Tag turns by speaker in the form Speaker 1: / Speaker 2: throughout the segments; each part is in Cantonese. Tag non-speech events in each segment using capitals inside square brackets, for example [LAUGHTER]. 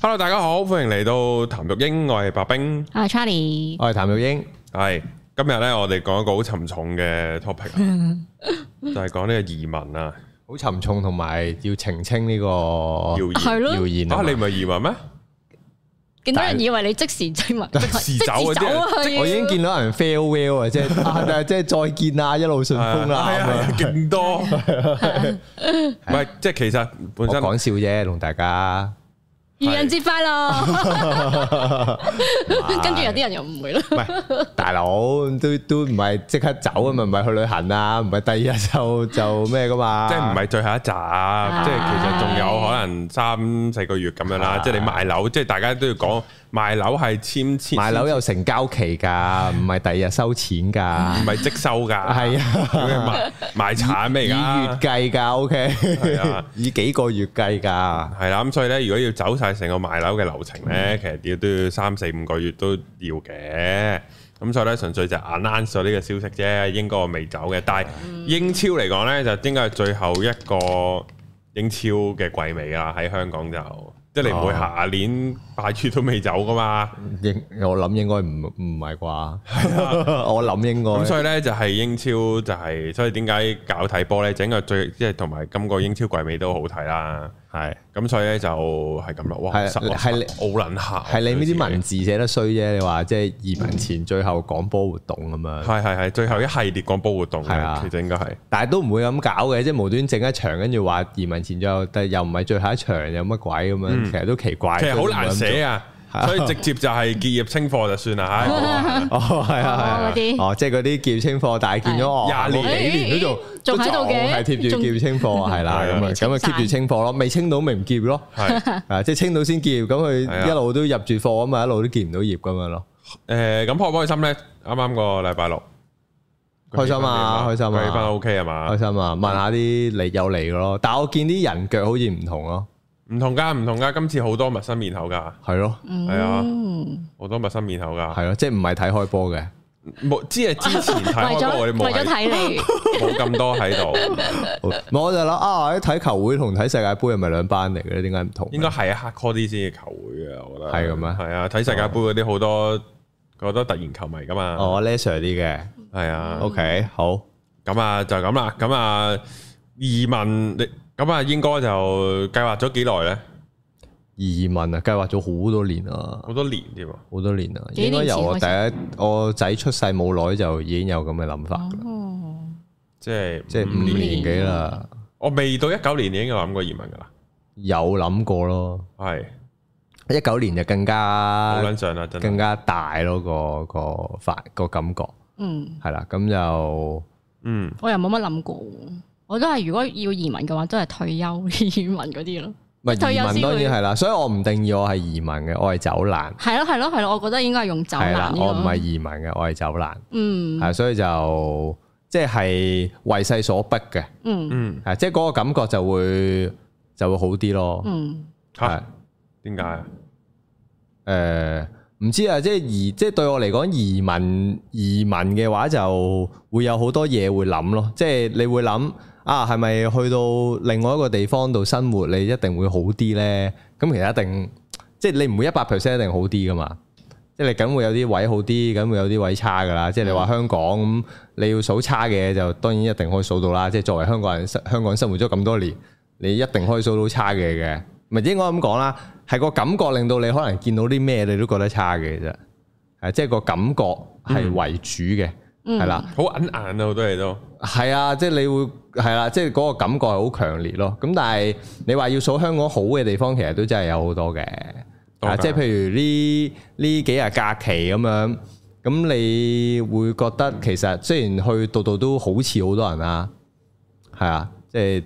Speaker 1: hello，大家好，歡迎嚟到談育鷹，我係白兵，我
Speaker 2: 係 Charlie，我係
Speaker 1: 談育鷹，係今日咧，我哋講一個好沉重嘅 topic，
Speaker 3: 就係講呢個移民啊，好沉重，同埋要澄清呢個謠言，謠言啊，你唔係移民咩？
Speaker 2: 見到人以為你即時移民，即時走嗰啲，我已經
Speaker 3: 見到人 farewell 啊，即係即係再見啊，一路順風啊咁樣，勁多唔係，即係其實本身講笑啫，同大家。
Speaker 2: 愚人節快樂！
Speaker 3: 是 [LAUGHS]
Speaker 2: 是 [LAUGHS] 跟住有啲人又唔會啦
Speaker 1: [LAUGHS] 。
Speaker 3: 大佬都都唔係即刻走啊嘛，唔係去旅行啊，唔係第二日就就咩噶嘛。即係唔係最後一集？唉即係其實仲有可能三
Speaker 1: 四個月咁樣啦。唉即係你賣樓，即係大家都要講。賣樓係簽簽，賣樓有
Speaker 3: 成交期噶，唔係第二日收錢噶，唔係即收噶，係啊，賣賣產咩噶？以月計噶，OK，係啊，以幾個月計噶，係啦、啊，咁所以咧，
Speaker 1: 如果要走晒成個賣樓嘅流程咧，嗯、其實要都要三四五個月都要嘅，咁所以咧，純粹就 announce 咗呢個消息啫，應該我未走嘅，但係英超嚟講咧，就應該係最後一個英超嘅季尾啦，喺香港就即係你唔會下年、哦。拜柱都未走噶嘛？應我諗應該唔唔係啩？係
Speaker 3: 啊，我諗應該咁所以
Speaker 1: 咧就係英超就係，所以點解搞睇波咧？整個最即係同埋今個英超季尾都好睇啦，係咁所以咧就係咁咯。哇，係係奧林下
Speaker 3: 係你呢啲文字寫得衰啫？你話即係移民前最後廣播活動咁樣，係係係最後一系列廣播活動嘅，其實應該係，但係都唔會咁搞嘅，即係無端整一場跟住話移民前最後，但又唔係最後一場，有乜鬼咁樣？其實都奇怪，其實好難。死啊！所以直
Speaker 1: 接就係結業清貨就算啦，係
Speaker 3: 哦，係啊，係啊，哦，即係嗰啲結業清貨大件咗廿年幾年都仲仲喺度嘅，係貼住結業清貨係啦，咁啊咁啊 keep 住清貨咯，未清到咪唔結咯，係啊，即係清到先結業，咁佢一路都入住貨吖嘛，一路都見唔到業咁樣咯。誒，咁
Speaker 1: 開唔開心咧？啱啱個禮拜六
Speaker 3: 開心啊，開心啊，翻 O K 係嘛，開心啊，問下啲嚟有嚟咯，但係我見啲人腳好似唔同咯。唔同噶，唔同噶，今次好多陌生面口噶，係咯，
Speaker 1: 係啊，
Speaker 3: 好多陌生面口噶，係咯，即係唔係睇開波嘅，冇，只係之前睇開波冇，為咗睇你冇咁多喺度，我就諗啊，睇球會同睇世界杯係咪兩班嚟嘅？點解唔同？應該係啊，黑科啲先嘅球會啊，我覺得係咁樣，係啊，睇世界杯嗰啲好多好多突
Speaker 1: 然球迷噶嘛，哦，less 啲嘅，係啊，OK，好，咁啊就咁啦，咁啊移民。你。咁啊，應該就計劃咗幾耐咧？
Speaker 3: 移民啊，計劃咗好多年啊，好多年添，好多年啊，年應該由我第一我仔出世冇耐就已經有咁嘅諗法噶啦，哦、即係即係五年年幾啦。我未到一九年已經有諗過移民噶啦，有諗過咯，係一九年就更加緊張啦，更加大咯，嗰個、嗰個發、嗰個感覺，嗯，係啦，咁就嗯，
Speaker 2: 我又冇乜諗過。我都係，如果要移民嘅話，都係退休 [LAUGHS] 移民嗰啲咯。咪退休當然係
Speaker 3: 啦，所以我唔定義我係移民嘅，我係走難。
Speaker 2: 係咯係咯係咯，我覺得應該係用走難、這個。我唔係
Speaker 3: 移民嘅，我係走難。
Speaker 2: 嗯，啊，
Speaker 3: 所以就即係、就是、為勢所逼嘅。嗯嗯，啊，即係嗰個感覺就會就會好啲咯。嗯，係點解啊？誒。呃唔知啊，即係移即係對我嚟講移民移民嘅話，就會有好多嘢會諗咯。即係你會諗啊，係咪去到另外一個地方度生活，你一定會好啲呢？咁其實一定即係你唔會一百 percent 一定好啲噶嘛。即係你梗會有啲位好啲，梗會有啲位差噶啦。即係你話香港咁、嗯嗯，你要數差嘅就當然一定可以數到啦。即係作為香港人，香港生活咗咁多年，你一定可以數到差嘅嘅。咪應該咁講啦，係個感覺令到你可能見到啲咩，你都覺得差嘅啫。係，即係個感覺係為主嘅，係啦、嗯，好隱隱啊，好多嘢都係啊，即係、即係、你會係啦，即係嗰個感覺係好強烈咯。咁但係你話要數香港好嘅地方，其實都真係有好多嘅。啊，多數，即係譬如呢呢幾日假期咁樣，咁你會覺得其實雖然去到度都好似好多人啊，係啊，即係。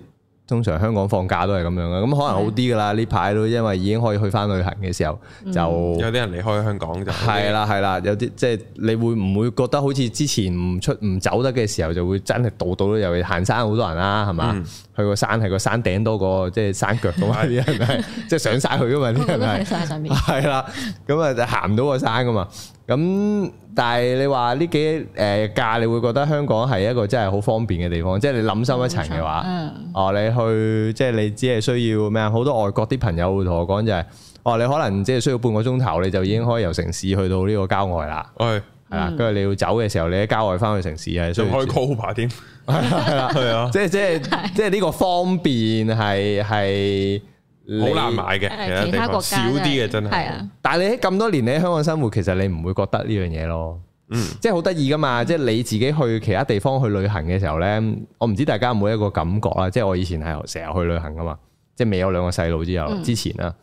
Speaker 3: 通常香港放假都係咁樣嘅，咁可能好啲噶啦。呢排都因為已經可以去翻旅行嘅時候，就有啲人離開香港就係啦，係啦、嗯，有啲即係你會唔會覺得好似之前唔出唔走得嘅時候，就會真係度度都又行山好多人啦，係嘛？嗯、去個山係個山頂多過即係、就係、山腳噶嘛？啲人係即係上晒去噶嘛？啲 [LAUGHS] 人係上曬上面係啦，咁啊就行唔到個山噶嘛。咁、嗯，但係你話呢幾誒價，呃、假你會覺得香港係一個真係好方便嘅地方。嗯、即係你諗深一層嘅話，嗯、哦，你去即係、就是、你只係需要咩啊？好多外國啲朋友會同我講就係、係，哦，你可能即係需要半個鐘頭，你就已經可以由城市去到呢個郊外啦。係、嗯，係啦。跟住你要走嘅時候，你喺郊外返去城市係仲、嗯、可以 cover 添，係、嗯、啦，係啊。 [LAUGHS] 即係即係即係呢個方便係係。好你難買嘅，其他，小其他國家少啲嘅真係。但係你喺咁多年你喺香港生活，其實你唔會覺得呢樣嘢咯。嗯，即係好得意噶嘛。即係你自己去其他地方去旅行嘅時候咧，我唔知大家有冇一個感覺啦。即係我以前係成日去旅行噶嘛，即係未有兩個細路之後、嗯、之前啦。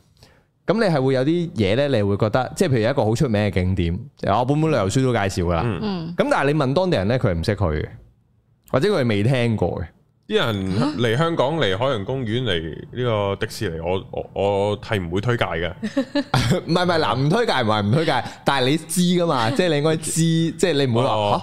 Speaker 3: 咁你係會有啲嘢咧，你會覺得，即係譬如有一個好出名嘅景點，我本本旅遊書都介紹噶啦。咁、嗯嗯、但係你問當地人咧，佢係唔識去嘅，或者佢係未聽過嘅。
Speaker 1: 啲人嚟香港嚟海洋公園嚟呢個迪士尼，我我我係唔會
Speaker 3: 推介嘅。唔係唔係，嗱唔推介唔係唔推介，但係你知噶嘛？即係 [LAUGHS] 你應該知，即、就、係、是、你唔會話、哦哦啊、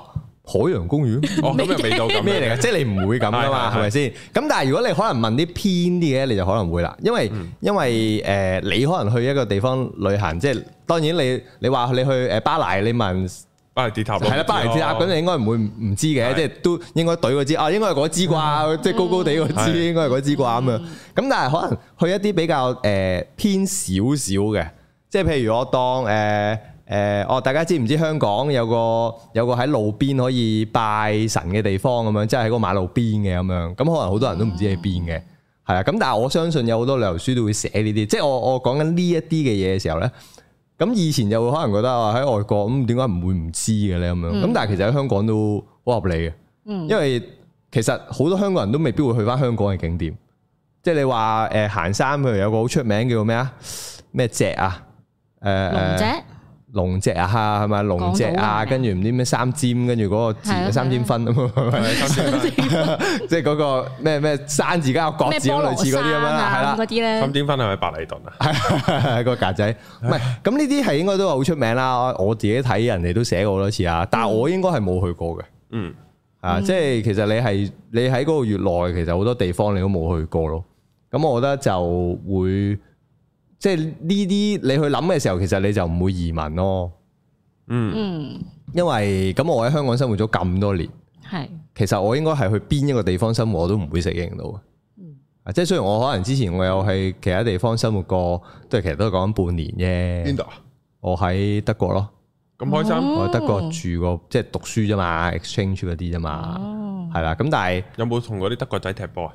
Speaker 3: 海洋公園咩嚟噶？即係、哦 [LAUGHS] 就是、你唔會咁噶嘛？係咪先？咁但係如果你可能問啲偏啲嘅，你就可能會啦。因為、嗯、因為誒、呃，你可能去一個地方旅行，即係當然你你話你去誒巴黎，你問。巴係啦，巴黎鐵塔，咁你的應該唔會唔知嘅，即係都應該懟嗰支啊，應該係嗰支啩，即係高高地嗰支，嗯、應該係嗰支啩咁樣。咁但係可能去一啲比較誒、呃、偏少少嘅，即係譬如我當誒誒，哦、呃呃，大家知唔知香港有個有個喺路邊可以拜神嘅地方咁樣，即係喺個馬路邊嘅咁樣，咁可能好多人都唔知喺邊嘅，係啊。咁但係我相信有好多旅遊書都會寫呢啲，即係我我講緊呢一啲嘅嘢嘅時候咧。咁以前就會可能覺得話喺外國咁點解唔會唔知嘅咧咁樣，咁、嗯、但係其實喺香港都好合理嘅，
Speaker 4: 嗯、因為
Speaker 3: 其實好多香港人都未必會去返香港嘅景點，即係你話誒、呃、行山，譬如有個好出名叫做咩啊咩脊啊誒。呃龍脊啊，係咪龍脊啊？跟住唔知咩三尖，跟住嗰個字的三尖分啊嘛，即係嗰個咩咩山字加角字，類似嗰啲咁樣啦，係啦啲咧。了那那三尖分係咪白泥頓啊？係 [LAUGHS] [LAUGHS] 個格仔，唔係咁呢啲係應該都好出名啦。我自己睇人哋都寫過好多次啊，但我應該係冇去過嘅。嗯啊，即係其實你係你喺嗰個月內，其實好多地方你都冇去過咯。咁我覺得就會。即係呢啲你去諗嘅時候，其實你就唔會移民咯。嗯，因為咁我喺香港生活咗咁多年，係，其實我應該係去邊一個地方生活，我都唔會適應到。嗯，啊，即係雖然我可能之前我有喺其他地方生活過，都係其實都係講半年啫。邊度啊？我喺德國咯，咁開心，我喺德國住過，即係讀書啫嘛，exchange 嗰啲啫嘛，
Speaker 2: 係
Speaker 3: 啦，嗯。咁但係有冇同嗰啲德國仔踢波啊？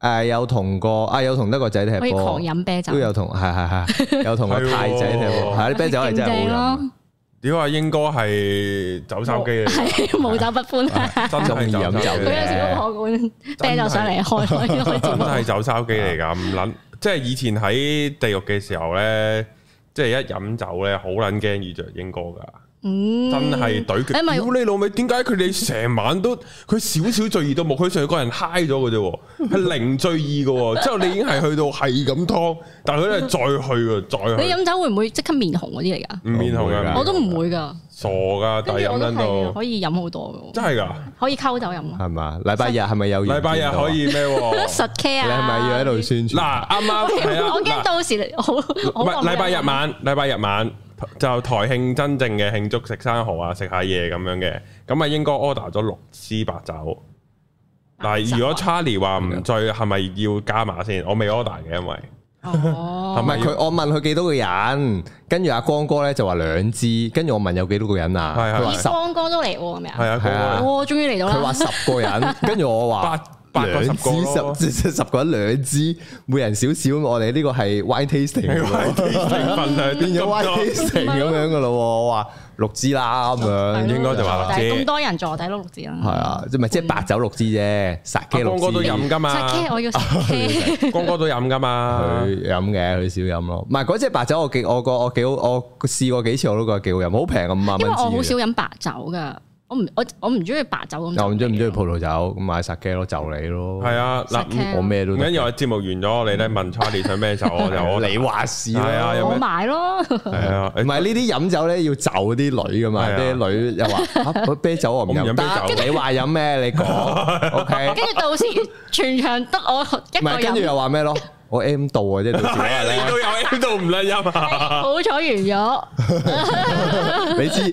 Speaker 3: 誒、啊，有同過，啊，有同得個仔踢波，飲
Speaker 2: 啤酒，都有同，
Speaker 3: 係係係，啊啊啊、 [LAUGHS] 有同個太仔踢波，係啲、 [LAUGHS] 啊、啤酒係真係好飲。點啊？英哥係
Speaker 1: 酒騷機嚟，係
Speaker 2: 冇我 [LAUGHS] 酒不歡， [LAUGHS] [LAUGHS] [LAUGHS] 真係飲酒。佢有次我灌
Speaker 4: 啤酒上嚟，開
Speaker 2: 開真
Speaker 1: 係酒騷機嚟噶，唔捻，即係以前喺地獄嘅時候咧，即係一飲酒咧，好捻驚遇着英哥噶。
Speaker 4: 嗯，真係懟佢，屌你
Speaker 1: 老味，點解佢哋成晚都佢少少醉意都冇，佢成個人嗨咗嘅啫，係零醉意嘅，之後你已經係去到係咁拖，但係佢係再
Speaker 3: 去嘅，再去。你飲
Speaker 2: 酒會唔會即刻面紅嗰啲嚟噶？唔
Speaker 3: 面紅噶，我都唔會噶，傻噶，但係飲得到，可
Speaker 2: 以飲好多噶，真係噶，可以溝酒飲
Speaker 3: 啊？係嘛？禮拜日係咪有？禮拜日可以咩？十 K 啊？你係咪要喺度宣傳嗱？啱啱。我驚
Speaker 2: 到時我我禮拜日晚，
Speaker 1: 禮拜日晚。就台慶真正嘅慶祝，食生蠔啊，食下嘢咁樣嘅，咁啊應該 order 咗六支白酒。但係，如
Speaker 3: 果 Charlie 話唔醉，係咪、嗯、要加碼先？我未 order 嘅，因為哦，係咪佢？我問佢幾多個人，跟住阿光哥咧就話兩支，跟住我問有幾多個人啊？係係，佢話十個人，
Speaker 2: 光哥都嚟喎，係咪啊？係啊係啊，我終於嚟到啦。佢話十個人，
Speaker 3: 跟住我話八。八支，十個，十十個一兩支，每人少少。我哋呢個係 wine tasting，變咗 wine tasting 咁樣噶咯。我話六支啦，咁樣，應該就話咁多
Speaker 2: 人坐底攞六支啦。係啊，
Speaker 3: 即係即係白酒六支啫，殺雞六支。光哥都飲噶嘛？殺雞我要。光哥都飲噶嘛？佢飲嘅佢少飲咯。唔係嗰隻白酒我幾我個我幾好我試過幾次我都覺得幾好飲，好平咁蚊。因為我好少
Speaker 2: 飲白酒噶。我唔我我唔中意白酒咁樣，又
Speaker 3: 唔中唔中意葡萄酒咁，買 shot 雞咯就你咯，係啊，嗱我咩都跟住。我
Speaker 1: 節目完咗，你咧
Speaker 3: 問 Charlie 想咩酒，就你話事咯，我買咯。係啊，唔係呢啲飲酒咧要就啲女噶嘛，啲女又話啤酒我唔飲，跟住你話飲咩你講，OK，
Speaker 2: 跟住到時全場得我一個人，唔係跟住又話
Speaker 3: 咩咯？我 M 度啊，即係到時有 M 度唔甩音啊。好
Speaker 2: 彩完咗，你知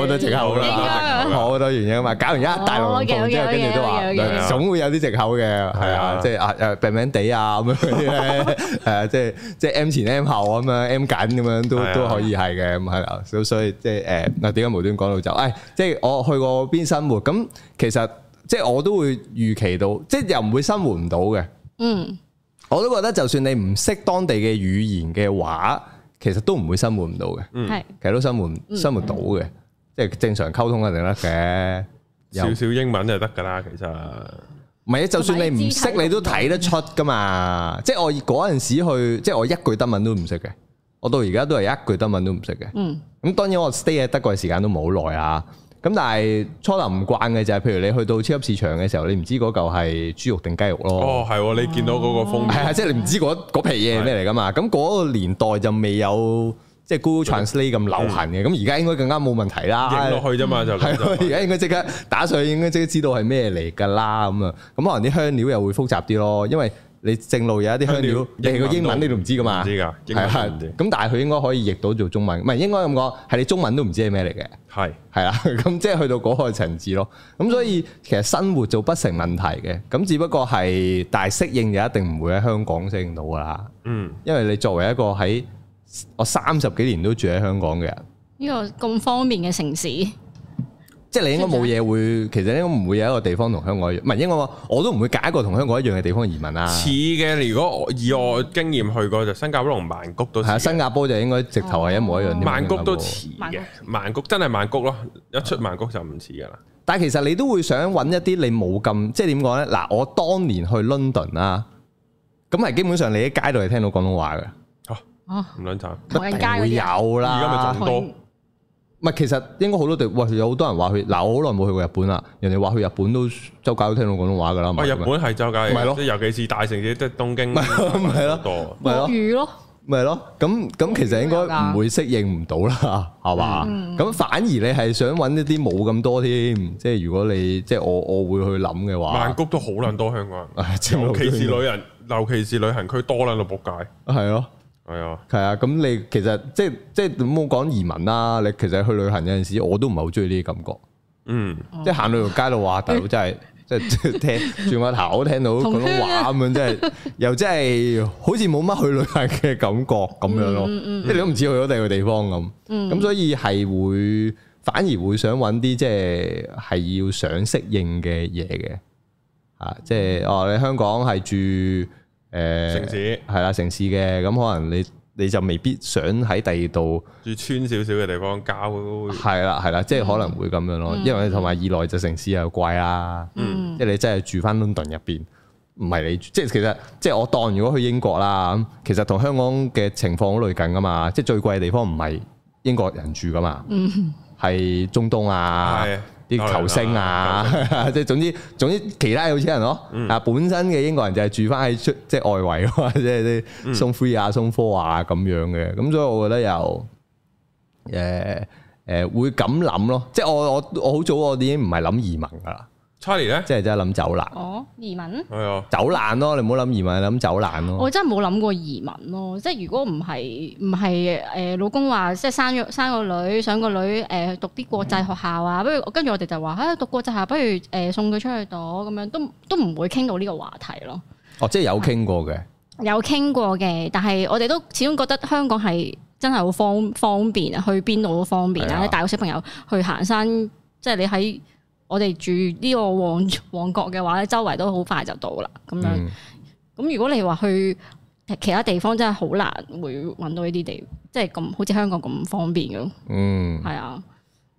Speaker 2: 我都借口啦，
Speaker 3: 我都原因啊嘛，搞完一大浪浪之後，跟住都話總會有啲借口嘅，係啊，即係啊，又平平地啊咁樣嗰啲，誒，即係即係 M 前 M 後咁樣 M 緊咁樣都都可以係嘅，咁係啦。咁所以即係誒，嗱，點解無端端講到就，誒，即係我去過邊生活，咁其實即係我都會預期到，即係又唔會生活唔到嘅，嗯。我都覺得，就算你唔識當地嘅語言嘅話，其實都唔會生活唔到嘅。係、嗯，其實都生活、嗯、生活到嘅，即係正常溝通一定得嘅。有少
Speaker 1: 少英文就得㗎喇，其實。
Speaker 3: 唔係啊，就算你唔識，你都睇得出㗎嘛。即係我嗰陣時去，即係我一句德文都唔識嘅。我到而家都係一句德文都唔識嘅。嗯。咁當然我 stay 喺德國嘅時間都冇好耐啊。咁但係初頭唔慣嘅就係，譬如你去到超級市場嘅時候，你唔知嗰嚿係豬肉定雞肉咯。哦，係
Speaker 1: 喎、啊，你見到嗰個封、啊，係即係你唔知嗰嗰皮嘢咩
Speaker 3: 嚟㗎嘛？咁嗰是的 個年代就未有即係 Google Translate 咁流行嘅，咁而家應該更加冇問題啦。認落去啫嘛就、嗯，就係，而家應該即刻打上，應該即刻知道係咩嚟㗎啦咁啊。咁可能啲香料又會複雜啲咯，因為。你正路有一啲香料，你係個英文你都唔知噶嘛？唔知㗎，英文唔掂。咁但係佢應該可以譯到做中文，唔係應該咁講，係你中文都唔知係咩嚟嘅。係係啦，咁即係去到嗰個層次咯。咁所以其實生活就不成問題嘅，咁只不過係大適應就一定唔會喺香港適應到啦。嗯，因為你作為一個喺我三十幾年都住喺香港嘅人，
Speaker 2: 呢個咁方便嘅城市。
Speaker 3: 即係你應該冇嘢會，其實應該唔會有一個地方同香港一樣，唔係應該我都唔會揀一個同香港一樣嘅地方移民啦。似
Speaker 1: 嘅，如果以我經驗去過就新加坡同曼
Speaker 3: 谷都似嘅。新加坡就應該直頭係一模一樣。曼谷都似
Speaker 1: 嘅，曼谷真係曼谷咯，一出曼谷就唔似噶啦。
Speaker 3: 但係其實你都會想揾一啲你冇咁，即係點講呢？嗱，我當年去倫敦啦，咁係基本上你喺街度係聽到廣東話嘅。嚇嚇唔撚查，一定會有啦，而家咪仲多。唔係，其實應該好多地，喂，有好多人話去。嗱，我好耐冇去過日本啦。人哋話去日本都周街都聽到廣東話噶啦。喂，日本係周街，係咯，
Speaker 1: 尤其是大城市，即係東京，係咯，係咯，
Speaker 3: 多咯，係咯。咁咁，其實應該唔會適應唔到啦，係嘛？咁反而你係想揾一啲冇咁多添。即係如果你即係我，我會去諗嘅話，曼谷都好撚多
Speaker 1: 香港人。尤其是旅行，尤其是旅行區多啦，老撲街。
Speaker 3: 啊，係咯。係啊，係啊，咁你其實即係即係唔好講移民啦。你其實去旅行有陣時，我都唔係好中意呢啲感覺，嗯，即係行到條街度話，大佬真係即係即係聽轉個頭都聽到廣東話咁樣，真係又真係好似冇乜去旅行嘅感覺咁樣咯，即係你都唔似去咗第二個地方咁，咁所以係會反而會想揾啲即係係要想適應嘅嘢嘅，啊，即係哦，你香港係住。呃、城市係啦，城市嘅，咁可能你你就未必想喺第二度
Speaker 1: 住村少少嘅地方交。
Speaker 3: 係啦，係啦，即係可能會咁樣咯，嗯、因為同埋二來就城市又貴啦。嗯，即係你真係住翻倫敦入邊，唔係你住。即係其實即係我當如果去英國啦，其實同香港嘅情況好類近噶嘛，即係最貴嘅地方唔係英國人住噶嘛，係、嗯、中東啊。嗯啲球星啊，即係、啊、 [LAUGHS] 總之總之其他有錢人咯，啊、嗯、本身嘅英國人就係住翻喺出即係外圍，即係送 three 啊送 four 啊咁樣嘅，咁 [LAUGHS] 所以我覺得又誒誒、呃呃、會咁諗咯，即係我我我好早我已經唔係諗移民噶啦。Charlie 咧，即係真係諗走難哦，移民係啊，走難咯，你唔好諗移民，諗走難咯、啊。我
Speaker 2: 真係冇諗過移民咯、啊，即係如果唔係唔係誒，老公話即係生咗生個女，想個女誒讀啲國際學校啊，不如跟住我哋就話吓、哎、讀國際學校，不如誒送佢出去度咁樣，都都唔會傾到呢個話題咯。
Speaker 3: 哦，即係有傾過嘅、嗯，
Speaker 2: 有傾過嘅，但係我哋都始終覺得香港係真係好方方便啊，去邊度都方便啊，你帶個、嗯、小朋友去行山，即、就、係、是、你喺。我哋住呢個旺旺角嘅話咧，周圍都好快就到啦，咁樣。咁、嗯、如果你話去其他地方，真係好難會搵到呢啲地方，即係咁好似香港咁方便嘅咯。嗯，係啊，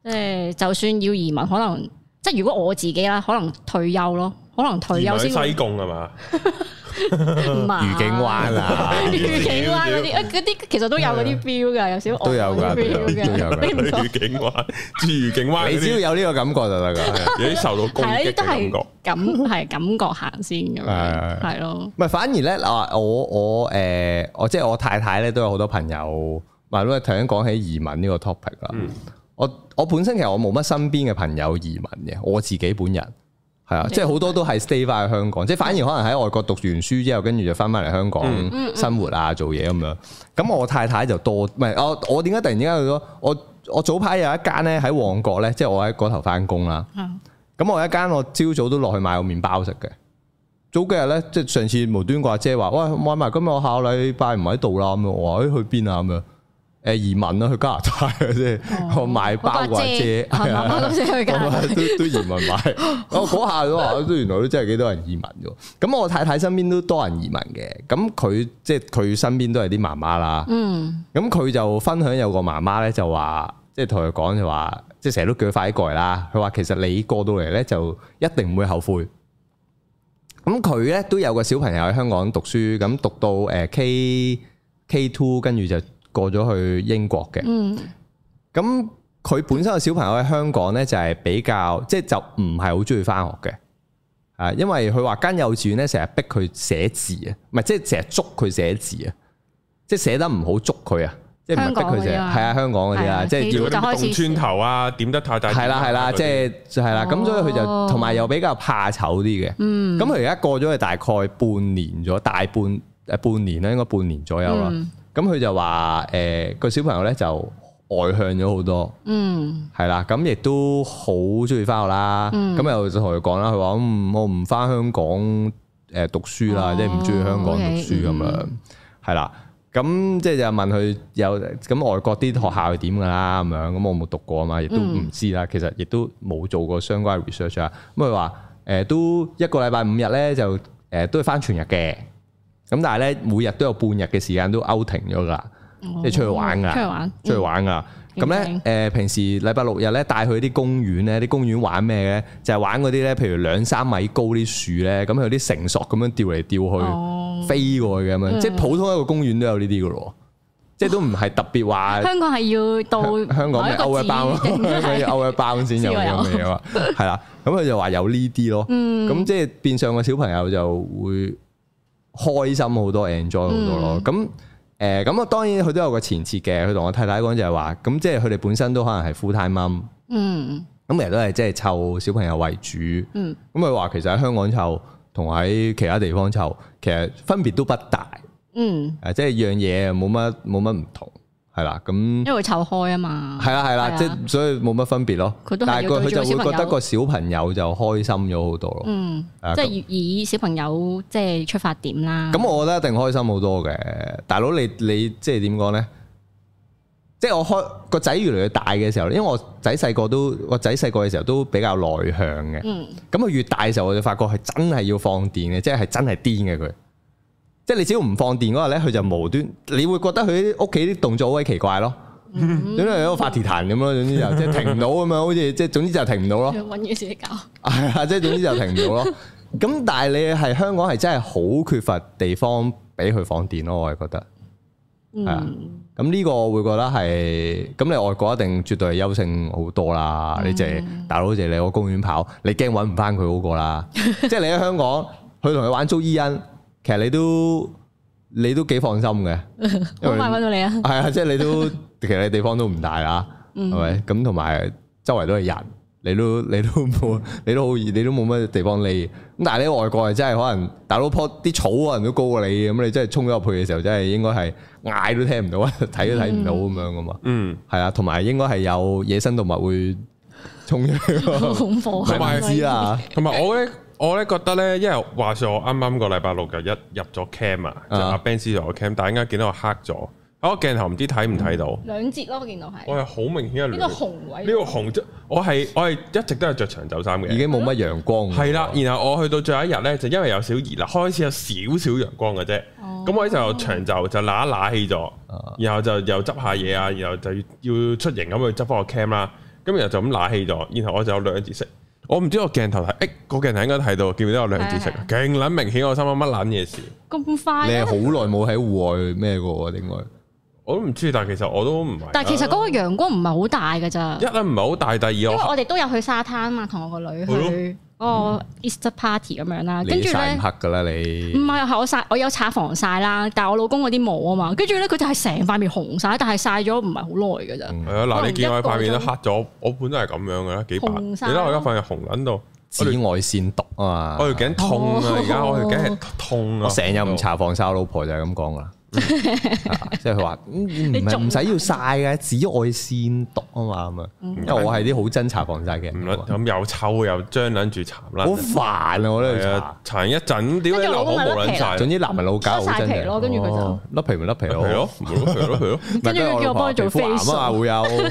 Speaker 2: 即係就算要移民，可能即係如果我自己啦，可能退休咯，可能退休先西
Speaker 1: 貢係嘛？ [LAUGHS] 愉景灣啊，愉景灣
Speaker 2: 嗰啲嗰啲其實都有嗰啲標噶，有少都有噶都有嘅。愉
Speaker 3: 景灣，住愉景灣，你只要有呢個感覺就得噶，有啲受到攻。係啊，都係感覺，
Speaker 2: 感係感覺行先咁樣，係
Speaker 3: 咯。唔係反而咧，我我我誒，我即係我太太咧，都有好多朋友。咪咁啊，頭先講起移民呢個 topic 啊。嗯。我我本身其實我冇乜身邊嘅朋友移民嘅，我自己本人。係啊，即係好多都係 stay 翻去香港，即係反而可能喺外國讀完書之後，跟住就翻翻嚟香港生活啊，做嘢咁樣。咁、嗯嗯、我太太就多，唔係我我點解突然間去咗？我我早排有一間咧喺旺角咧，即係我喺嗰頭翻工啦。咁、嗯、我有一間我朝早都落去買個麵包食嘅。早幾日咧，即係上次無端掛姐話，喂買埋，今日我下個禮拜唔喺度啦，咁啊，我話、哎、去邊啊咁樣。誒移民咯，去加拿大即係， [LAUGHS] 我買包或者遮，係啊乖，都 [LAUGHS] 都移民 [LAUGHS] 買。我嗰下都話，原來都真係幾多人移民啫。咁我太太身邊都多人移民嘅。咁佢即係佢身邊都係啲媽媽啦。嗯，咁佢就分享有個媽媽咧，就話即係同佢講就話，即係成日都叫佢快啲過嚟啦。佢話其實你過到嚟咧，就一定唔會後悔。咁佢咧都有個小朋友喺香港讀書，咁讀到誒 K K two，跟住就。過咗去英國嘅，咁佢、嗯、本身個小朋友喺香港咧就係比較，即係就唔係好中意翻學嘅，啊，因為佢話間幼稚園咧成日逼佢寫字啊，唔係即係成日捉佢寫字啊，即係寫得唔好捉佢啊，即係唔係逼佢寫，係啊香港嗰啲啊，即係要你動轉頭啊，點得太大，啊，係啦係啦，即係係啦，咁所以佢就同埋又比較怕醜啲嘅，咁佢而家過咗去大概半年咗，大半誒半年啦，應該半年左右啦。咁佢就話誒個小朋友咧就外向咗好多，嗯，係啦，咁亦都好中意翻學啦，咁又就同佢講啦，佢話我唔我唔翻香港誒讀書啦，即係唔中意香港讀書咁樣，係啦，咁即係就問佢有咁外國啲學校係點噶啦咁樣，咁我冇讀過啊嘛，亦都唔知啦，其實亦都冇做過相關嘅 research 啊，咁佢話誒都一個禮拜五日咧就誒都係翻全日嘅。咁但係咧，每日都有半日嘅時間都勾停咗噶，即係出去玩噶，出去玩，出去玩噶。咁咧，誒，平時禮拜六日咧，帶去啲公園咧，啲公園玩咩咧？就係玩嗰啲咧，譬如兩三米高啲樹咧，咁有啲繩索咁樣吊嚟吊去，飛過去嘅咁樣，即係普通一個公園都有呢啲噶咯，即係都唔係特別話，香
Speaker 2: 港係要到香港嘅 o 一包，定咗
Speaker 3: 啲 o 包先有呢樣嘢啊，係啦。咁佢就話有呢啲咯，咁即係變相個小朋友就會開心好多，enjoy 好多咯。咁誒、嗯，咁我、呃、當然佢都有個前設嘅。佢同我太太講就係、是、話，咁即係佢哋本身都可能係 full time mom，嗯，咁其實都係即係湊小朋友為主，嗯，咁佢話其實喺香港湊同喺其他地方湊，其實分別都不大，嗯，誒、啊，即係樣嘢冇乜冇乜唔同。係啦，咁因
Speaker 2: 為湊開啊嘛，係啦係啦，即係
Speaker 3: 所以冇乜分別咯。但係佢就會覺得個小朋友就開心咗好多咯。嗯，
Speaker 2: 啊、即係以小朋友即係出發點啦。咁我
Speaker 3: 覺得一定開心好多嘅，大佬你你即係點講咧？即係我開個仔越嚟越大嘅時候，因為我仔細個都我仔細個嘅時候都比較內向嘅。嗯，咁佢越大嘅時候我就發覺係真係要放電嘅，即係係真係癲嘅佢。即係你只要唔放電嗰個咧，佢就無端，你會覺得佢屋企啲動作好鬼奇怪咯，嗯、總之係個發條彈咁咯，總之就即係停唔到咁樣好，好似即係總之就停唔到咯。搵嘢自己搞，係即係總之就停唔到咯。咁但係你係香港係真係好缺乏地方俾佢放電咯，我係覺得係啊。咁呢個我會覺得係，咁你外國一定絕對係優勝好多啦。Um、你借大佬借你個公園跑，你驚搵唔翻佢好過啦。 [LAUGHS] 即係你喺香港，佢同佢玩捉伊人。其實你都你都幾放心嘅，
Speaker 4: 我賣翻到你啊！係啊，
Speaker 3: 即係你都其實你地方都唔大啦，
Speaker 4: 係咪？
Speaker 3: 咁同埋周圍都係人，你都你都冇，你都好易，你都冇乜地方匿。咁但係咧，外國係真係可能大佬坡啲草啊，人都高過你嘅，咁你真係衝咗入去嘅時候，真係應該係嗌都聽唔到，睇都睇唔到咁樣噶嘛。嗯，係啊，同埋應該係有野生動物會衝入去，好恐怖啊！唔係事啊，同埋我咧。我咧覺得咧，因為話説
Speaker 1: 我啱啱個禮拜六就一入咗 cam 啊，即係、uh huh. 阿 Ben 之頭個 cam，但係啱見到我黑咗、哦嗯，我鏡頭唔知睇唔睇到
Speaker 4: 兩截咯，我見
Speaker 1: 到係。我係好明顯一。呢個紅位。呢個紅我係我係一直都係着長袖衫嘅，已
Speaker 3: 經冇乜陽光。係
Speaker 1: 啦，然後我去到最後一日咧，就因為有少熱啦，開始有少少陽光嘅啫。咁、uh huh. 我咧就長袖就揦揦氣咗，然後就又執下嘢啊，然後就要出營咁去執翻個 cam 啦。咁然後就咁揦氣咗，然後我就有兩截色。我唔知我鏡、欸那個鏡頭係，誒個鏡頭應該睇到，見唔到有兩字色，勁卵是明顯我心諗乜卵嘢事。
Speaker 2: 咁快、啊？你係好
Speaker 1: 耐冇喺戶外咩過、啊？應該，我都唔知，但係其實我都唔係。但係其實嗰
Speaker 2: 個陽光唔係好大噶咋。一咧
Speaker 1: 唔係好大，第二因為我
Speaker 2: 哋都有去沙灘嘛，同我個女去。哎個、oh, Easter party 咁樣啦，跟住咧曬唔黑
Speaker 3: 噶啦你，唔
Speaker 2: 係，係我曬，我有搽防曬啦，但係我老公嗰啲冇啊嘛，跟住咧佢就係成塊面紅晒，但係曬咗唔係好耐噶咋，
Speaker 1: 係啊、嗯，嗱你見我塊面都黑咗，色我本身係咁樣噶
Speaker 3: 啦，幾白，而家色我塊面紅緊到，紫外線毒啊，我條頸痛啊，而家的我條頸係痛啊，成日唔搽防曬，我老婆就係咁講啦。即係佢話唔使要晒嘅，紫外線毒啊嘛咁啊。我係啲好真搽
Speaker 1: 防曬嘅，咁又臭又張捻住搽啦，好煩啊！我呢度搽搽一陣，點解老公咪甩皮啦？總之男人老狗，甩皮咯，跟住佢就甩皮咪甩皮咯，唔甩皮跟住佢叫我幫佢做飛盤啊，會有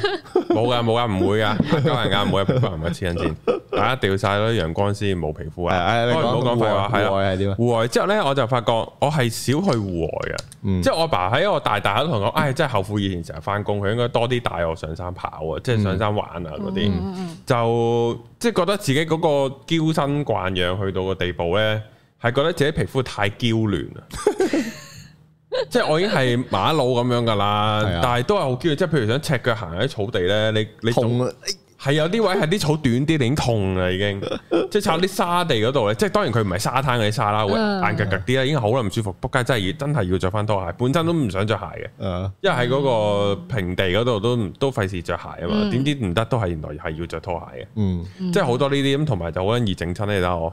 Speaker 1: 冇噶冇噶，唔會噶教人噶，冇人俾飛盤黐人先，大家掉晒咯，陽光先冇皮膚啊。你唔好講廢話，係外係點？戶外之後咧，我就發覺我係少去戶外嘅。即係我爸喺我大大口同我，唉、哎，真係後悔以前成日翻工，佢應該多啲帶我上山跑啊，即係上山玩啊嗰啲，嗯、就即係覺得自己嗰個嬌生慣養去到個地步呢，係覺得自己皮膚太嬌嫩啊，嗯、 [LAUGHS] 即係我已經係馬老馬騮咁樣噶啦， [LAUGHS] 但係都係好嬌，即係譬如想赤腳行喺草地呢，你你係有啲位係啲草短啲，已經痛啦，已經。即係踩啲沙地嗰度咧，即係當然佢唔係沙灘嗰啲沙啦，會硬夾夾啲啦，已經好啦，唔舒服。仆街真係要真係要着翻拖鞋，本身都唔想着鞋嘅。因為喺嗰個平地嗰度都都費事着鞋啊嘛，點知唔得都係，原來係要着拖鞋嘅。嗯，即係好多呢啲咁，同埋就好容易整親你啦我。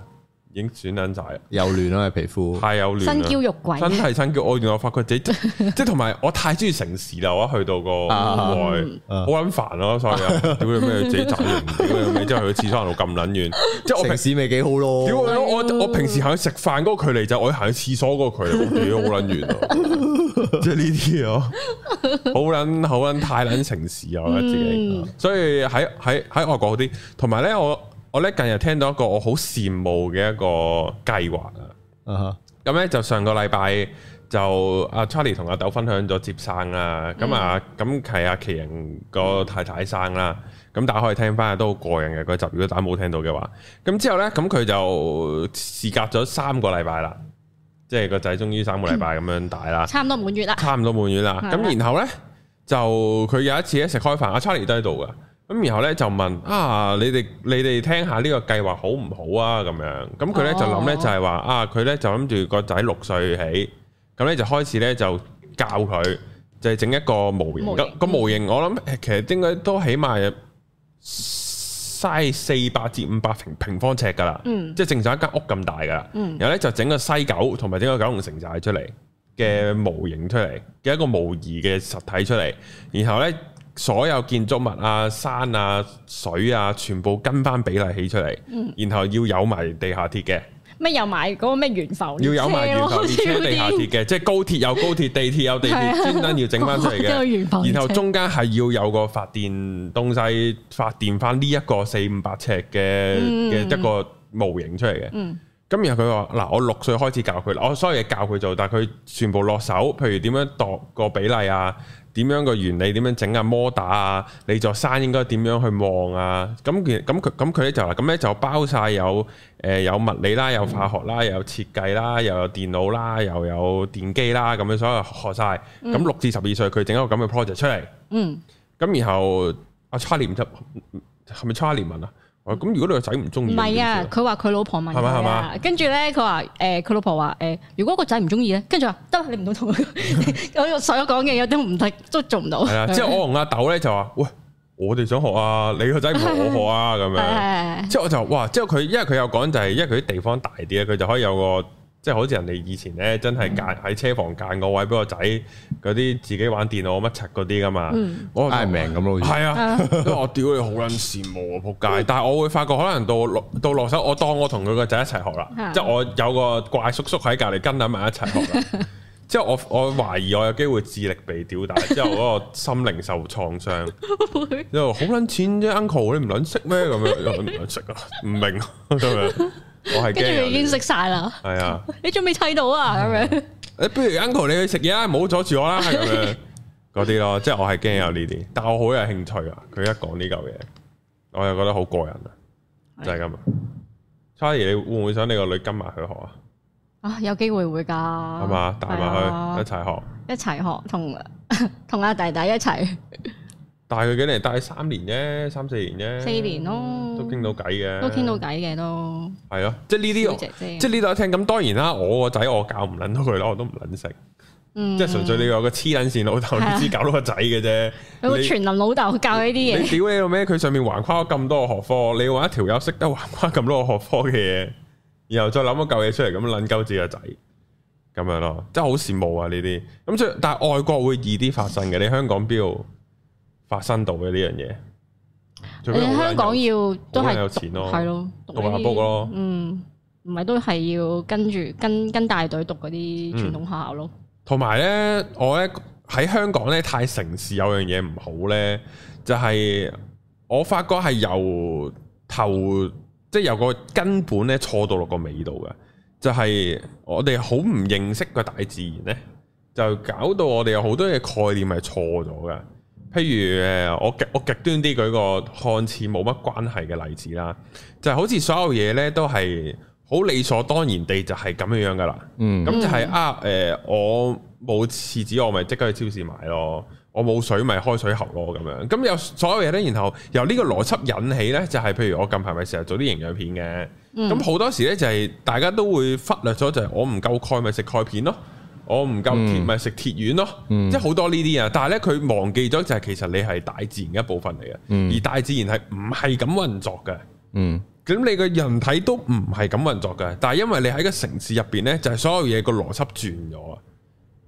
Speaker 1: 已經轉撚晒，幼嫩啊，皮膚太幼嫩，身嬌肉貴，真係身嬌。我原來發覺自己即係同埋，我太中意城市啦。我一去到個外好撚煩咯，所以屌咩自己雜型，屌你真係去廁所度咁撚遠。即係我平時未幾好咯，屌我我平時行去食飯嗰個距離就我行去廁所嗰個距離，屌我撚遠即係呢啲咯，好撚好撚太撚城市啊，自己。所以喺喺喺外國好啲，同埋咧我。我咧近日聽到一個我好羨慕嘅一個計劃啊！咁咧、uh huh. 就上個禮拜就阿 Charlie 同阿豆分享咗接生啦。咁啊，咁係、uh huh. 啊、阿奇仁個太太生啦、啊。咁大家可以聽翻都好過癮嘅嗰集。如、huh. 果大家冇聽，聽到嘅話，咁之後咧咁佢就事隔咗三個禮拜啦，即係個仔終於三個禮拜咁樣大啦、嗯，差唔
Speaker 2: 多滿月啦，差
Speaker 1: 唔多滿月啦。咁的然後咧就佢有一次一食開飯，阿 Charlie 都喺度噶。咁然後咧就問啊，你哋你哋聽下呢個計劃好唔好啊？咁樣咁佢咧就諗咧就係話啊，佢咧就諗住個仔六歲起，咁咧就開始咧就教佢就係整一個模型。個個模型我諗其實應該都起碼嘥四百至五百平平方尺㗎啦。嗯，即係正常一間屋咁大㗎。嗯，然後咧就整個西九同埋整個九龍城寨出嚟嘅模型出嚟嘅一個模擬嘅實體出嚟，然後咧。所有建築物啊、山啊、水啊，全部跟翻比例起出嚟，嗯、然後要有埋地下鐵嘅。
Speaker 2: 咩有埋嗰個咩懸浮要有埋懸浮列車、地下
Speaker 1: 鐵嘅，即係高鐵有高鐵、地鐵有地鐵，啊、專登要整翻出嚟嘅。然後中間係要有個發電東西，發電翻呢一個四五百尺嘅嘅、嗯、一個模型出嚟嘅。咁、嗯、然後佢話：嗱，我六歲開始教佢啦，我所有嘢教佢做，但係佢全部落手，譬如點樣度個比例啊。點樣個原理？點樣整啊？摩打啊？你座山應該點樣去望啊？咁其咁佢咁佢咧就啦，咁咧就包晒有誒、呃、有物理啦，有化學啦，又有設計啦，又有電腦啦，又有電機啦，咁樣所有學晒。咁六、嗯、至十二歲佢整一個咁嘅 project 出嚟。咁、嗯、然後阿 Charlie 係咪 Charlie 文啊？Charlie，是咁如果你個仔唔中意，唔係啊！
Speaker 2: 佢話佢老婆問啊，係嘛係嘛？跟住咧，佢話誒，佢、呃、老婆話誒、呃，如果個仔唔中意咧，跟住話得，你唔好同佢。我 [LAUGHS] [LAUGHS] 所講嘅有啲唔得，都做唔到。係啊，吧之後我同
Speaker 1: 阿豆咧就話：喂，我哋想學啊，你個仔唔同我學啊咁 [LAUGHS] 樣。之後我就話：哇，之後佢因為佢有講就係，因為佢啲地方大啲咧，佢就可以有個。即係好似人哋以前咧，真係揀喺車房揀個位俾個仔嗰啲自己玩電腦乜柒嗰啲噶嘛，我梗係明咁咯。係啊，我屌你，好撚羨慕啊！仆街，但係我會發覺可能到落到落手，我當我同佢個仔一齊學啦。即係我有個怪叔叔喺隔離跟諗埋一齊學啦。之後我我懷疑我有機會智力被屌大，之後嗰個心靈受創傷。之後好撚淺啫，Uncle，你唔撚識咩咁樣？唔撚識啊？唔明啊？咁樣。我係跟住你已經食晒啦，係啊，
Speaker 2: 你仲未睇到啊，咁樣、啊，
Speaker 1: 誒， [LAUGHS] 不如 Uncle 你去食嘢啦，唔好阻住我啦，咁樣嗰啲咯，即係我係驚有呢啲，但我好有興趣啊，佢一講呢嚿嘢，我又覺得好過癮啊，就係咁啊 Charlie 你會唔會想你個女跟埋去學
Speaker 2: 啊？啊，有機會會噶，係嘛，帶埋去的一齊學，一齊學同同阿弟弟一齊。
Speaker 1: 帶佢幾年？帶三年啫，三四年啫。四年咯，都傾到偈嘅。都傾到
Speaker 2: 偈嘅，都傾
Speaker 1: 到偈嘅，都係啊，即係呢啲，姐姐即係呢度一聽咁，當然啦，我個仔我教唔捻到佢咯，我都唔捻識。嗯、
Speaker 2: 即係純粹你
Speaker 1: 有個黐捻線老豆、啊，你知搞到個仔嘅啫。有個全
Speaker 2: 能老豆教呢啲嘢，
Speaker 1: 屌你老味？佢上面橫跨咁多個學科，你玩一條友識得橫跨咁多個學科嘅嘢，然後再諗一嚿嘢出嚟，咁捻鳩自個仔，咁樣咯，真係好羨慕啊呢啲。咁即係，但係外國會易啲發生嘅。你香港邊度，發生到嘅呢樣嘢，你香港
Speaker 2: 要都係，係有錢咯，係咯，讀下 book 咯，嗯，唔係都係要跟住跟跟大隊讀嗰啲傳統學校咯。
Speaker 1: 同埋咧，我咧喺香港咧太城市有樣嘢唔好咧，就係我發覺係由頭，即係由個根本咧錯到落個尾度嘅，就係我哋好唔認識個大自然咧，就搞到我哋有好多嘢概念係錯咗嘅。譬如誒，我極我極端啲舉個看似冇乜關係嘅例子啦，就係、是、好似所有嘢咧都係好理所當然地就係咁樣樣噶啦。嗯，咁就係啊誒，我冇廁紙我咪即刻去超市買咯，我冇水咪開水喉咯咁樣。咁有所有嘢咧，然後由呢個邏輯引起咧，就係譬如我近排咪成日做啲營養片嘅，咁好、嗯、多時咧就係大家都會忽略咗就係我唔夠鈣咪食鈣片咯。我唔夠鐵咪食鐵丸咯，嗯、即係好多呢啲人，但係呢，佢忘記咗就係其實你係大自然嘅一部分嚟嘅，嗯、而大自然係唔係咁運作嘅。咁、嗯、你個人體都唔係咁運作嘅，但係因為你喺個城市入邊呢，就係所有嘢個邏輯轉咗，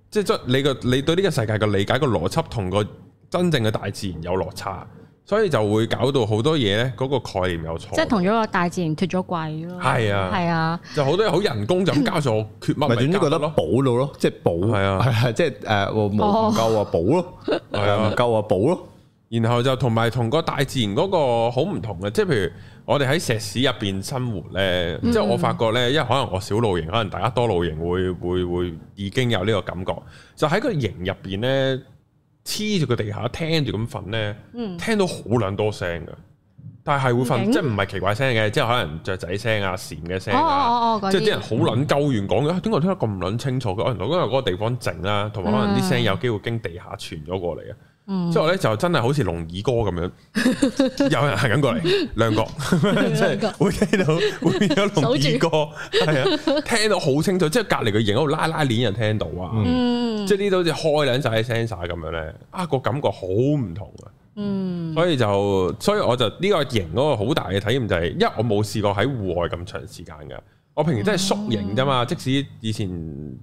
Speaker 1: 即即係你個你對呢個世界嘅理解個邏輯同個真正嘅大自然有落差。所以就會搞到好多嘢咧，嗰、嗰個概念有錯。即係
Speaker 2: 同咗個大自然脫咗軌咯。係啊，係啊，
Speaker 1: 就好多嘢好人工就咁加上，缺乜咪總之覺得補到咯，即係補。係啊，係即係誒，冇唔夠啊，補咯。係啊，夠 [LAUGHS] 啊，補咯。然後就同埋同個大自然嗰個好唔同嘅，即係譬如我哋喺石屎入邊生活咧，即係、嗯、我發覺咧，因為可能我少露營，可能大家多露營會，會會會，會已經有呢個感覺。就喺個營入邊咧。黐住個地下聽住咁瞓咧，聽到好撚多聲嘅，但係會瞓，即係唔係奇怪聲嘅，即係可能雀仔聲啊、蟬嘅聲啊，哦哦哦即係啲人好撚鳩完講嘅，點解、嗯、聽得咁撚清楚嘅？可能因為嗰個地方靜啦，同埋可能啲聲有機會經地下傳咗過嚟嘅。嗯之後我咧就真係好似龍耳哥咁樣，有人行緊過嚟，兩 [LAUGHS] 個即係 [LAUGHS] 會聽到會變咗龍耳哥，係數著 啊， [LAUGHS] 聽到好清楚，即係隔籬個營嗰度拉拉鏈就聽到啊，嗯、即係呢度好似開緊晒啲聲晒咁樣咧，啊個感覺好唔同啊，嗯，所以就所以我就呢、這個營嗰個好大嘅體驗就係、是，因為我冇試過喺戶外咁長時間噶，我平時真係縮營啫嘛，嗯、即使以前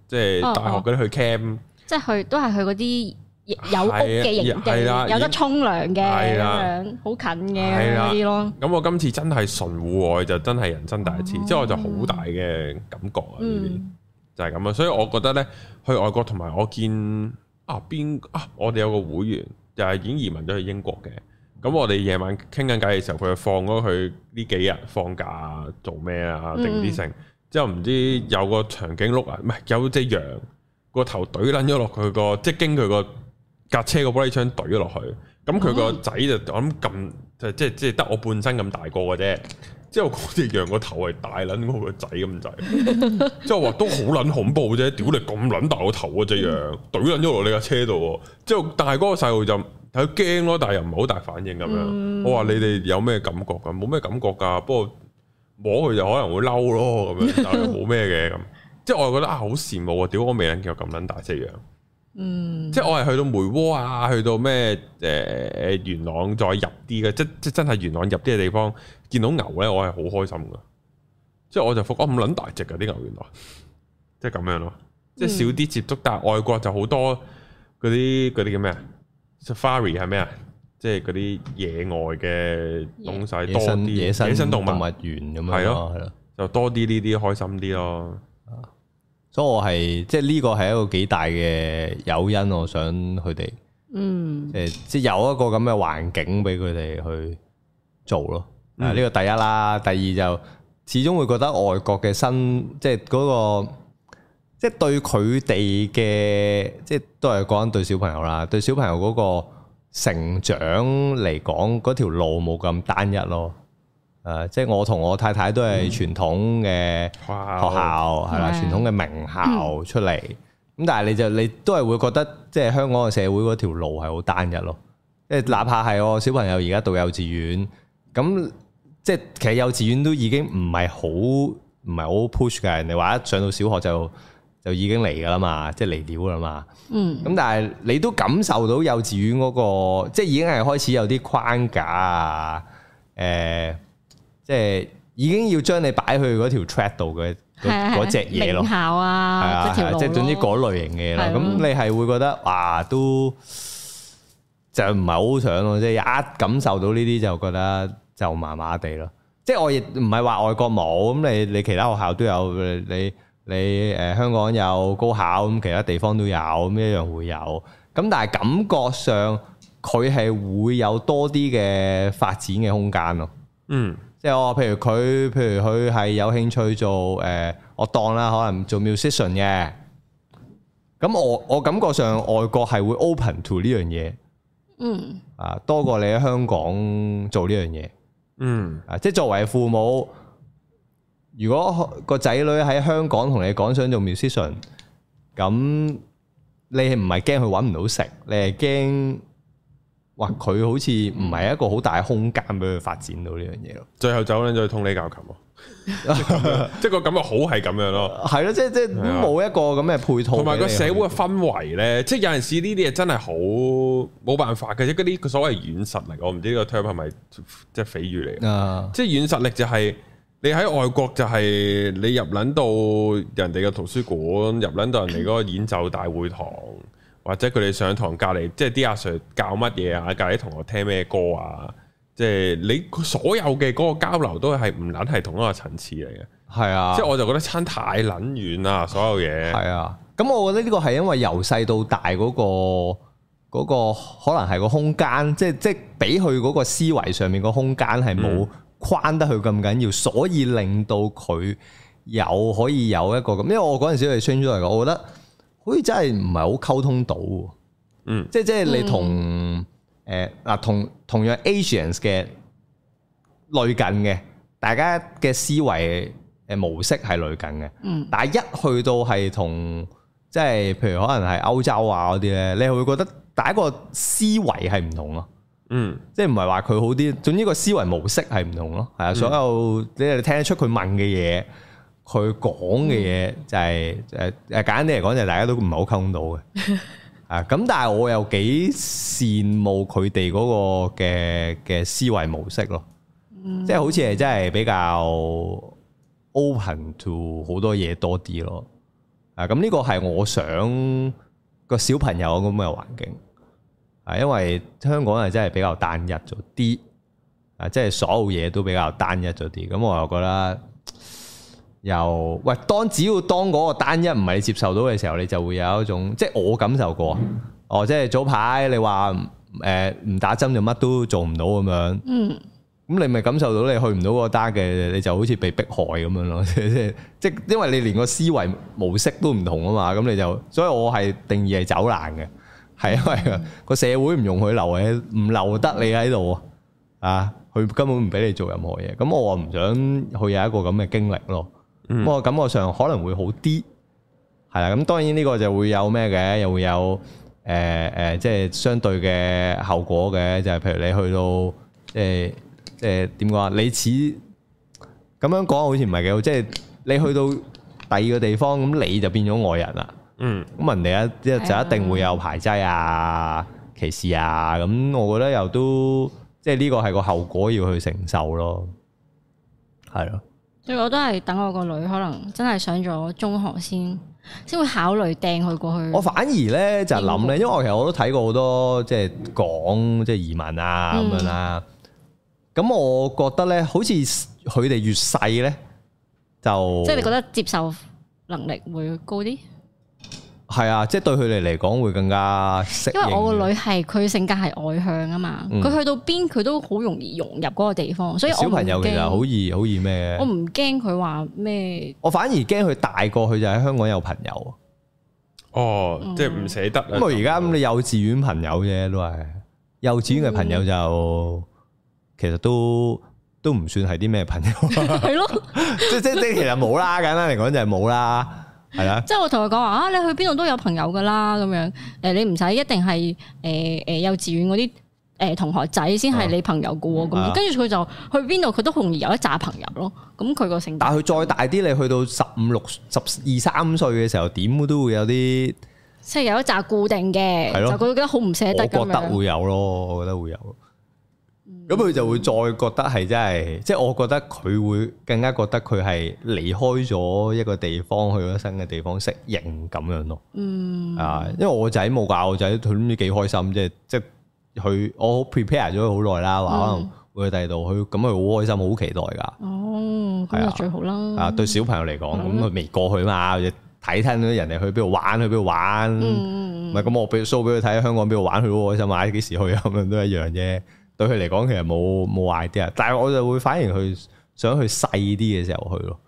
Speaker 1: 即係大學嗰啲去 camp，
Speaker 2: 即係去、嗯、都係去嗰啲。嗯嗯嗯嗯嗯嗯有屋嘅型嘅，的有得沖涼嘅咁樣，好的近嘅嗰啲咯。
Speaker 1: 咁的的我今次真係純戶外就真係人生第一次，之後我就好大嘅感覺啊！呢啲、嗯、就係咁啊，所以我覺得咧去外國同埋我見啊邊啊，我哋有個會員就係、是、已經移民咗去英國嘅。咁我哋夜晚傾緊偈嘅時候，佢就放咗佢呢幾日放假做咩啊？定啲性？之後唔知有個長頸鹿啊，唔係有隻羊個頭懟撚咗落佢個，即、就、係、是、經佢個。架車個玻璃窗懟咗落去，咁佢個仔就我諗咁，就即係即係得我半身咁大個嘅啫。之後嗰隻羊個頭係大撚過個仔咁滯，之後話都好撚恐怖啫！屌你咁撚大個頭啊隻羊懟撚咗落你架車度。之後但係嗰個細路就佢驚咯，但係又唔係好大反應咁樣。 [LAUGHS] 我話你哋有咩感覺噶？冇咩感覺噶，不過摸佢就可能會嬲咯咁樣，但係冇咩嘅咁。即係我又覺得啊好羨慕啊！屌我未撚見咁撚大隻羊。嗯，即係我係去到梅窩啊，去到咩誒誒元朗再入啲嘅，即即真係元朗入啲嘅地方，見到牛咧，我係好開心㗎。即係我就覺得，咁撚大隻㗎啲牛原來，即係咁樣咯。即係少啲接觸，但係外國就好多嗰啲嗰啲叫咩啊？Safari 係咩啊？即係嗰啲野外嘅東西多啲，野生動物園咁樣，係咯，
Speaker 3: 就多啲呢啲開心啲咯。都我係，即係呢個係一個幾大嘅誘因，我想佢哋，
Speaker 4: 嗯，誒，
Speaker 3: 即係有一個咁嘅環境俾佢哋去做咯。啊，呢個第一啦，第二就始終會覺得外國嘅新，即係嗰個，即係對佢哋嘅，即係都係講對小朋友啦，對小朋友嗰個成長嚟講，嗰條路冇咁單一咯。誒、呃，即係我同我太太都係傳統嘅學校係啦，傳、嗯哦、統嘅名校出嚟。咁、嗯、但係你就是、你都係會覺得，即係香港嘅社會嗰條路係好單一咯。即係哪怕係我小朋友而家讀幼稚園，咁即係其實幼稚園都已經唔係好唔係好 push 嘅。人哋話一上到小學就就已經嚟噶啦嘛，即係嚟料噶啦嘛。嗯。咁但係你都感受到幼稚園嗰、嗰個，即係已經係開始有啲框架啊，誒、呃。即係已經要將你擺去嗰條 track 度嘅嗰隻嘢咯，名校
Speaker 4: 啊，
Speaker 2: 即係總之嗰
Speaker 3: 類型嘅嘢咯。咁你係會覺得哇，都就唔係好想咯。即係一感受到呢啲就覺得就麻麻地咯。即係我亦唔係話外國冇咁，你你其他學校都有，你你誒香港有高考，咁其他地方都有，咁一樣會有。咁但係感覺上佢係會有多啲嘅發展嘅空間咯。嗯。即係我，譬如佢，譬如佢係有興趣做誒我當啦，可能做 musician 嘅。咁我我感覺上外國係會 open to 呢樣嘢，嗯，啊多過你喺香港做呢樣嘢，嗯，啊即係作為父母，如果個仔女喺香港同你講想做 musician，咁你係唔係驚佢揾唔到食？你係驚。哇！佢好似唔係一個好大空間俾佢發展到呢樣嘢咯。最後走咧，再通你教琴，即係個感覺好係咁樣咯。係咯， [LAUGHS] 即係即係冇一個咁嘅配套的。同埋個社會嘅氛圍
Speaker 1: 咧， [LAUGHS] 即係有陣時呢啲嘢真係好冇辦法嘅。即嗰啲所謂軟實力，我唔知個 term 係咪即係蜚語嚟。啊，即係軟實力就係你喺外國就係你入捻到人哋嘅圖書館，入捻到人哋嗰個演奏大會堂。或者佢哋上堂隔籬，即係啲阿 Sir 教乜嘢啊？隔籬同學聽咩歌啊？即係你所有嘅嗰個交流都係唔撚係同一個層次嚟嘅。係啊，即
Speaker 3: 係我就覺得差太撚遠啦，所有嘢。係啊，咁我覺得呢個係因為由細到大嗰個嗰個可能係個空間，即係即係俾佢嗰個思維上面個空間係冇框得佢咁緊要，嗯、所以令到佢有可以有一個咁。因為我嗰陣時係 change 咗嚟嘅，我覺得。好似真係唔係好溝通到，嗯，即係即係你、嗯呃、同誒嗱同同樣 Asians 嘅，類近嘅，大家嘅思維誒模式係類近嘅，嗯，但係一去到係同即係譬如可能係歐洲啊嗰啲咧，你會覺得大家個思維係唔同咯，嗯，即係唔係話佢好啲，總之個思維模式係唔同咯，係啊、嗯，所有你哋聽得出佢問嘅嘢。佢講嘅嘢就係誒誒簡單啲嚟講，就係大家都唔係好溝到嘅 [LAUGHS] 啊！咁但係我又幾羨慕佢哋嗰個嘅嘅思維模式咯，嗯、即係好似係真係比較 open to 好多嘢多啲咯啊！咁、嗯、呢、這個係我想個小朋友咁嘅環境啊，因為香港係真係比較單一咗啲啊，即係所有嘢都比較單一咗啲、啊，咁、嗯、我又覺得。由喂，當只要當嗰個單一唔係接受到嘅時候，你就會有一種即係我感受過，嗯、哦，即係早排你話誒唔打針就乜都做唔到咁樣，嗯，咁你咪感受到你去唔到個單嘅，你就好似被迫害咁樣咯，即係即係因為你連個思維模式都唔同啊嘛，咁你就所以我係定義係走難嘅，係因為個、嗯、 [LAUGHS] 社會唔容許留嘅，唔留得你喺度啊，佢根本唔俾你做任何嘢，咁我唔想佢有一個咁嘅經歷咯。不過我感覺上可能會好啲，係啦。咁當然呢個就會有咩嘅，又會有誒誒、呃呃，即係相對嘅後果嘅，就係、係、譬如你去到、呃、即係點講啊？你似咁樣講，好似唔係幾好。即係你去到第二個地方，咁你就變咗外人啦。嗯，咁人哋一即就一定會有排擠啊、的歧視啊。咁我覺得又都即係呢個係個後果要去承受咯，係咯。
Speaker 2: 所以我都係等我個女可能真係上咗中學先先會考慮掟佢過去。我反而
Speaker 3: 咧就諗咧，因為我其實我都睇過好多即係講即係移民啊咁樣啦，啊。咁、嗯、我覺得咧，好似佢哋越細咧就即係你覺
Speaker 2: 得接受能力會高啲。
Speaker 3: 係啊，即係對佢哋嚟講會更加適應。因為我個
Speaker 2: 女係佢性格係外向啊嘛，佢去到邊佢都好容易融入嗰個地方，所以小朋友其實好易，嗯、好
Speaker 3: 易好易咩，我唔
Speaker 2: 驚佢話咩。
Speaker 3: 我反而驚佢大個，去就喺香港有朋友。哦，即係唔捨得。不過我而家咁你幼稚園朋友啫都係幼稚園嘅朋友就，嗯、其實都都唔算係啲咩朋友。係 [LAUGHS] 咯， [LAUGHS] 即即即其實冇啦，簡單嚟講就係冇啦。 [LAUGHS] 係啦，
Speaker 2: 即係我同佢講話啊，你去邊度都有朋友噶啦，咁樣誒，你唔使一定係誒誒幼稚園嗰啲誒同學仔先係你朋友噶，咁跟住佢就去邊度佢都好容易有一紮朋友咯，咁佢個性格。但係
Speaker 3: 佢再大啲，你去到十五六、十二三歲嘅時候，點都會有啲，即
Speaker 2: 係有一紮固定嘅，的就覺得好唔捨得咁覺得會
Speaker 3: 有咯，我覺得會有。咁佢、嗯、就會再覺得係真係，即、就、係、是、我覺得佢會更加覺得佢係離開咗一個地方去咗新嘅地方適應咁樣咯。嗯，啊，因為我個仔冇教，我仔佢諗住幾開心，即係即係佢我 prepare 咗好耐啦，話、嗯、可能會去第二度佢咁佢好開心，好期待噶。
Speaker 4: 哦，咁啊最好啦。啊，
Speaker 3: 對小朋友嚟講，咁佢未過去嘛，睇睇到人哋去邊度玩，去邊度玩。唔嗯嗯。咁我俾 show 俾佢睇，香港邊度玩佢好開心呀，幾時去咁樣都一樣啫。 [LAUGHS] [LAUGHS] [LAUGHS] [LAUGHS] 對佢嚟講其實冇冇 idea，但係我就會反而去想去細啲嘅時候去咯。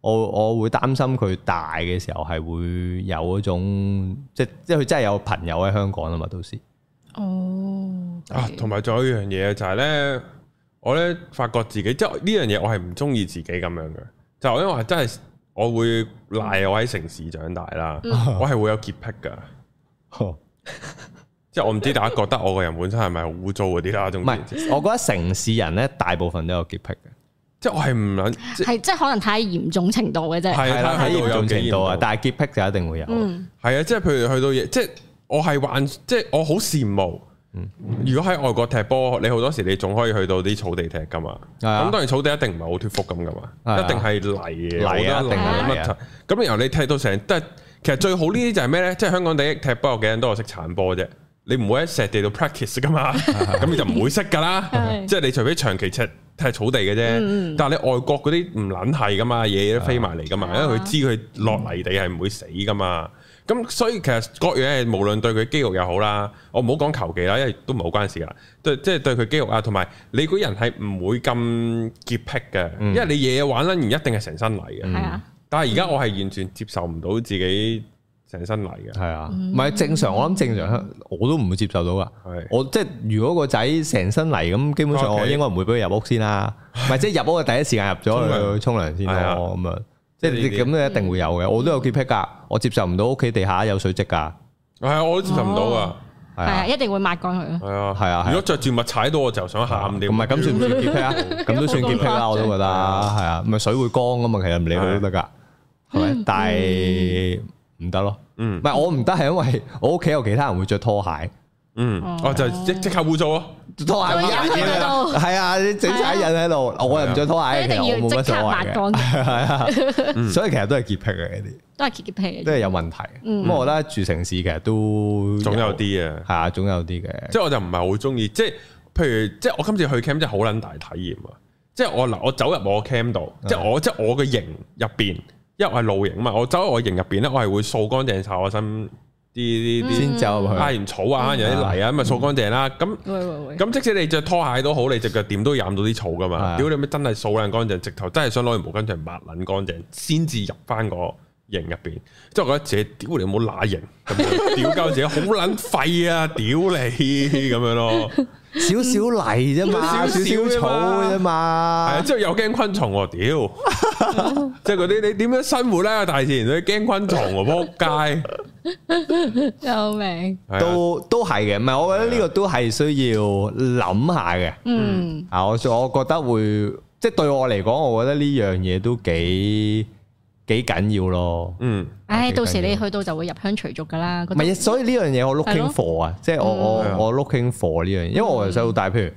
Speaker 3: 我我會擔心佢大嘅時候係會有嗰種，即係即係佢真係有朋友喺香港啊嘛，到時
Speaker 4: 哦、oh, okay.
Speaker 3: 啊，同埋仲有一樣嘢就係咧，我咧發覺自己即係
Speaker 1: 呢樣嘢，我係唔中意自己咁樣嘅，就因為真係我會賴我喺城市長大啦，mm hmm. 我係會有潔癖噶。Oh. 即係我唔知大家覺得我個人本身係咪污糟嗰啲啦？唔係，我覺得城市人咧，大部分都有潔癖嘅。即係我係唔諗，即
Speaker 2: 係可能太嚴重程度嘅啫，太太嚴重程度啊。
Speaker 1: 但係潔癖就一定會有。嗯，係啊，即係譬如去到即係我係玩，即係我好羨慕。如果喺外國踢波，你好多時你仲可以去到啲草地踢噶嘛？咁當然草地一定唔係好脫福咁噶嘛，一定係嚟，嚟，啊，一定咁然後你踢到成得，但其實最好呢啲就係咩咧？即係香港第一踢波有幾多人都係識鏟波啫。你唔會喺石地度 practice 噶嘛，咁你就唔會識噶啦。即係你除非長期踢草地嘅啫。但係你外國嗰啲唔撚係噶嘛，嘢都飛埋嚟噶嘛，因為佢知佢落泥地係唔會死噶嘛。咁所以其實各樣嘢無論對佢肌肉又好啦，我唔好講球技啦，因為都唔係好關事啦。對，即係對佢肌肉啊，同埋你個人係唔會咁潔癖嘅，因為你夜夜玩啦，唔一定係成身泥嘅。但係而家我係完全接受唔到
Speaker 3: 自己。成身泥嘅係啊，唔係正常。我諗正常，我都唔會接受到噶。我即係如果個仔成身泥咁，基本上我應該唔會俾佢入屋先啦。唔係即係入屋嘅第一時間入咗去沖涼先咯。咁樣即係咁都一定會有嘅。我都有潔癖噶，我接受唔到屋企地下有水漬噶。係啊，我都接受唔到噶。係
Speaker 2: 啊，一定會抹乾
Speaker 4: 佢。
Speaker 3: 係啊係啊。如果着住襪踩到，我就想喊添。唔係咁算唔算潔癖啊？咁都算潔癖啦，我都覺得係啊。咪水會乾吖嘛，其實唔理佢都得噶。係咪？但係。唔得咯，嗯，唔係我唔得係，因為我屋企有其他人會着拖鞋，
Speaker 1: 嗯，我就即即
Speaker 3: 刻污糟咯，拖鞋印喺度，係啊，整晒印喺度，我又唔着拖鞋，一定要即刻抹乾淨係啊，所以其實都係潔癖嘅啲，
Speaker 2: 都係潔潔癖，
Speaker 1: 都係
Speaker 3: 有問題。咁我覺得住城市其實都總有啲啊，係啊，總有啲嘅。
Speaker 1: 即係我就唔係好中意，即係譬如即係我今次去 camp 真係好撚大體驗啊！即係我嗱我走入我 camp 度，即係我即係我嘅營入邊。因為我係露營啊嘛，我走入我營入邊咧，我係會掃乾淨晒我身啲啲啲先走，挨完草啊，嗯、有啲泥啊，咁咪掃乾淨啦。咁咁即使你着拖鞋都好，你隻腳點都染到啲草噶嘛。屌是的 你咪真係掃靚乾淨，直頭真係想攞條毛巾嚟抹捻乾淨，先至入翻個營入邊。即係我覺得自己屌你冇乸型，屌鳩自己，好捻廢啊！屌你咁樣咯。
Speaker 3: 少少泥啫嘛、嗯，少少草啫嘛，係啊，即係
Speaker 1: 又驚昆蟲喎，屌，即係嗰啲你點樣生活咧？大自然你驚昆蟲
Speaker 3: 喎，扑街，
Speaker 2: 救命
Speaker 1: 名！都都
Speaker 3: 係嘅，唔係，我覺得呢個都係需要諗下嘅，的嗯，啊，我我覺得會，即係對我嚟講，我覺得呢樣嘢都幾幾緊要咯，嗯，唉，到時你
Speaker 2: 去到就會入鄉隨俗噶啦，係，所以
Speaker 3: 呢樣嘢我 looking for 啊，即係我我 looking for 呢樣嘢，因為我由細到大，譬如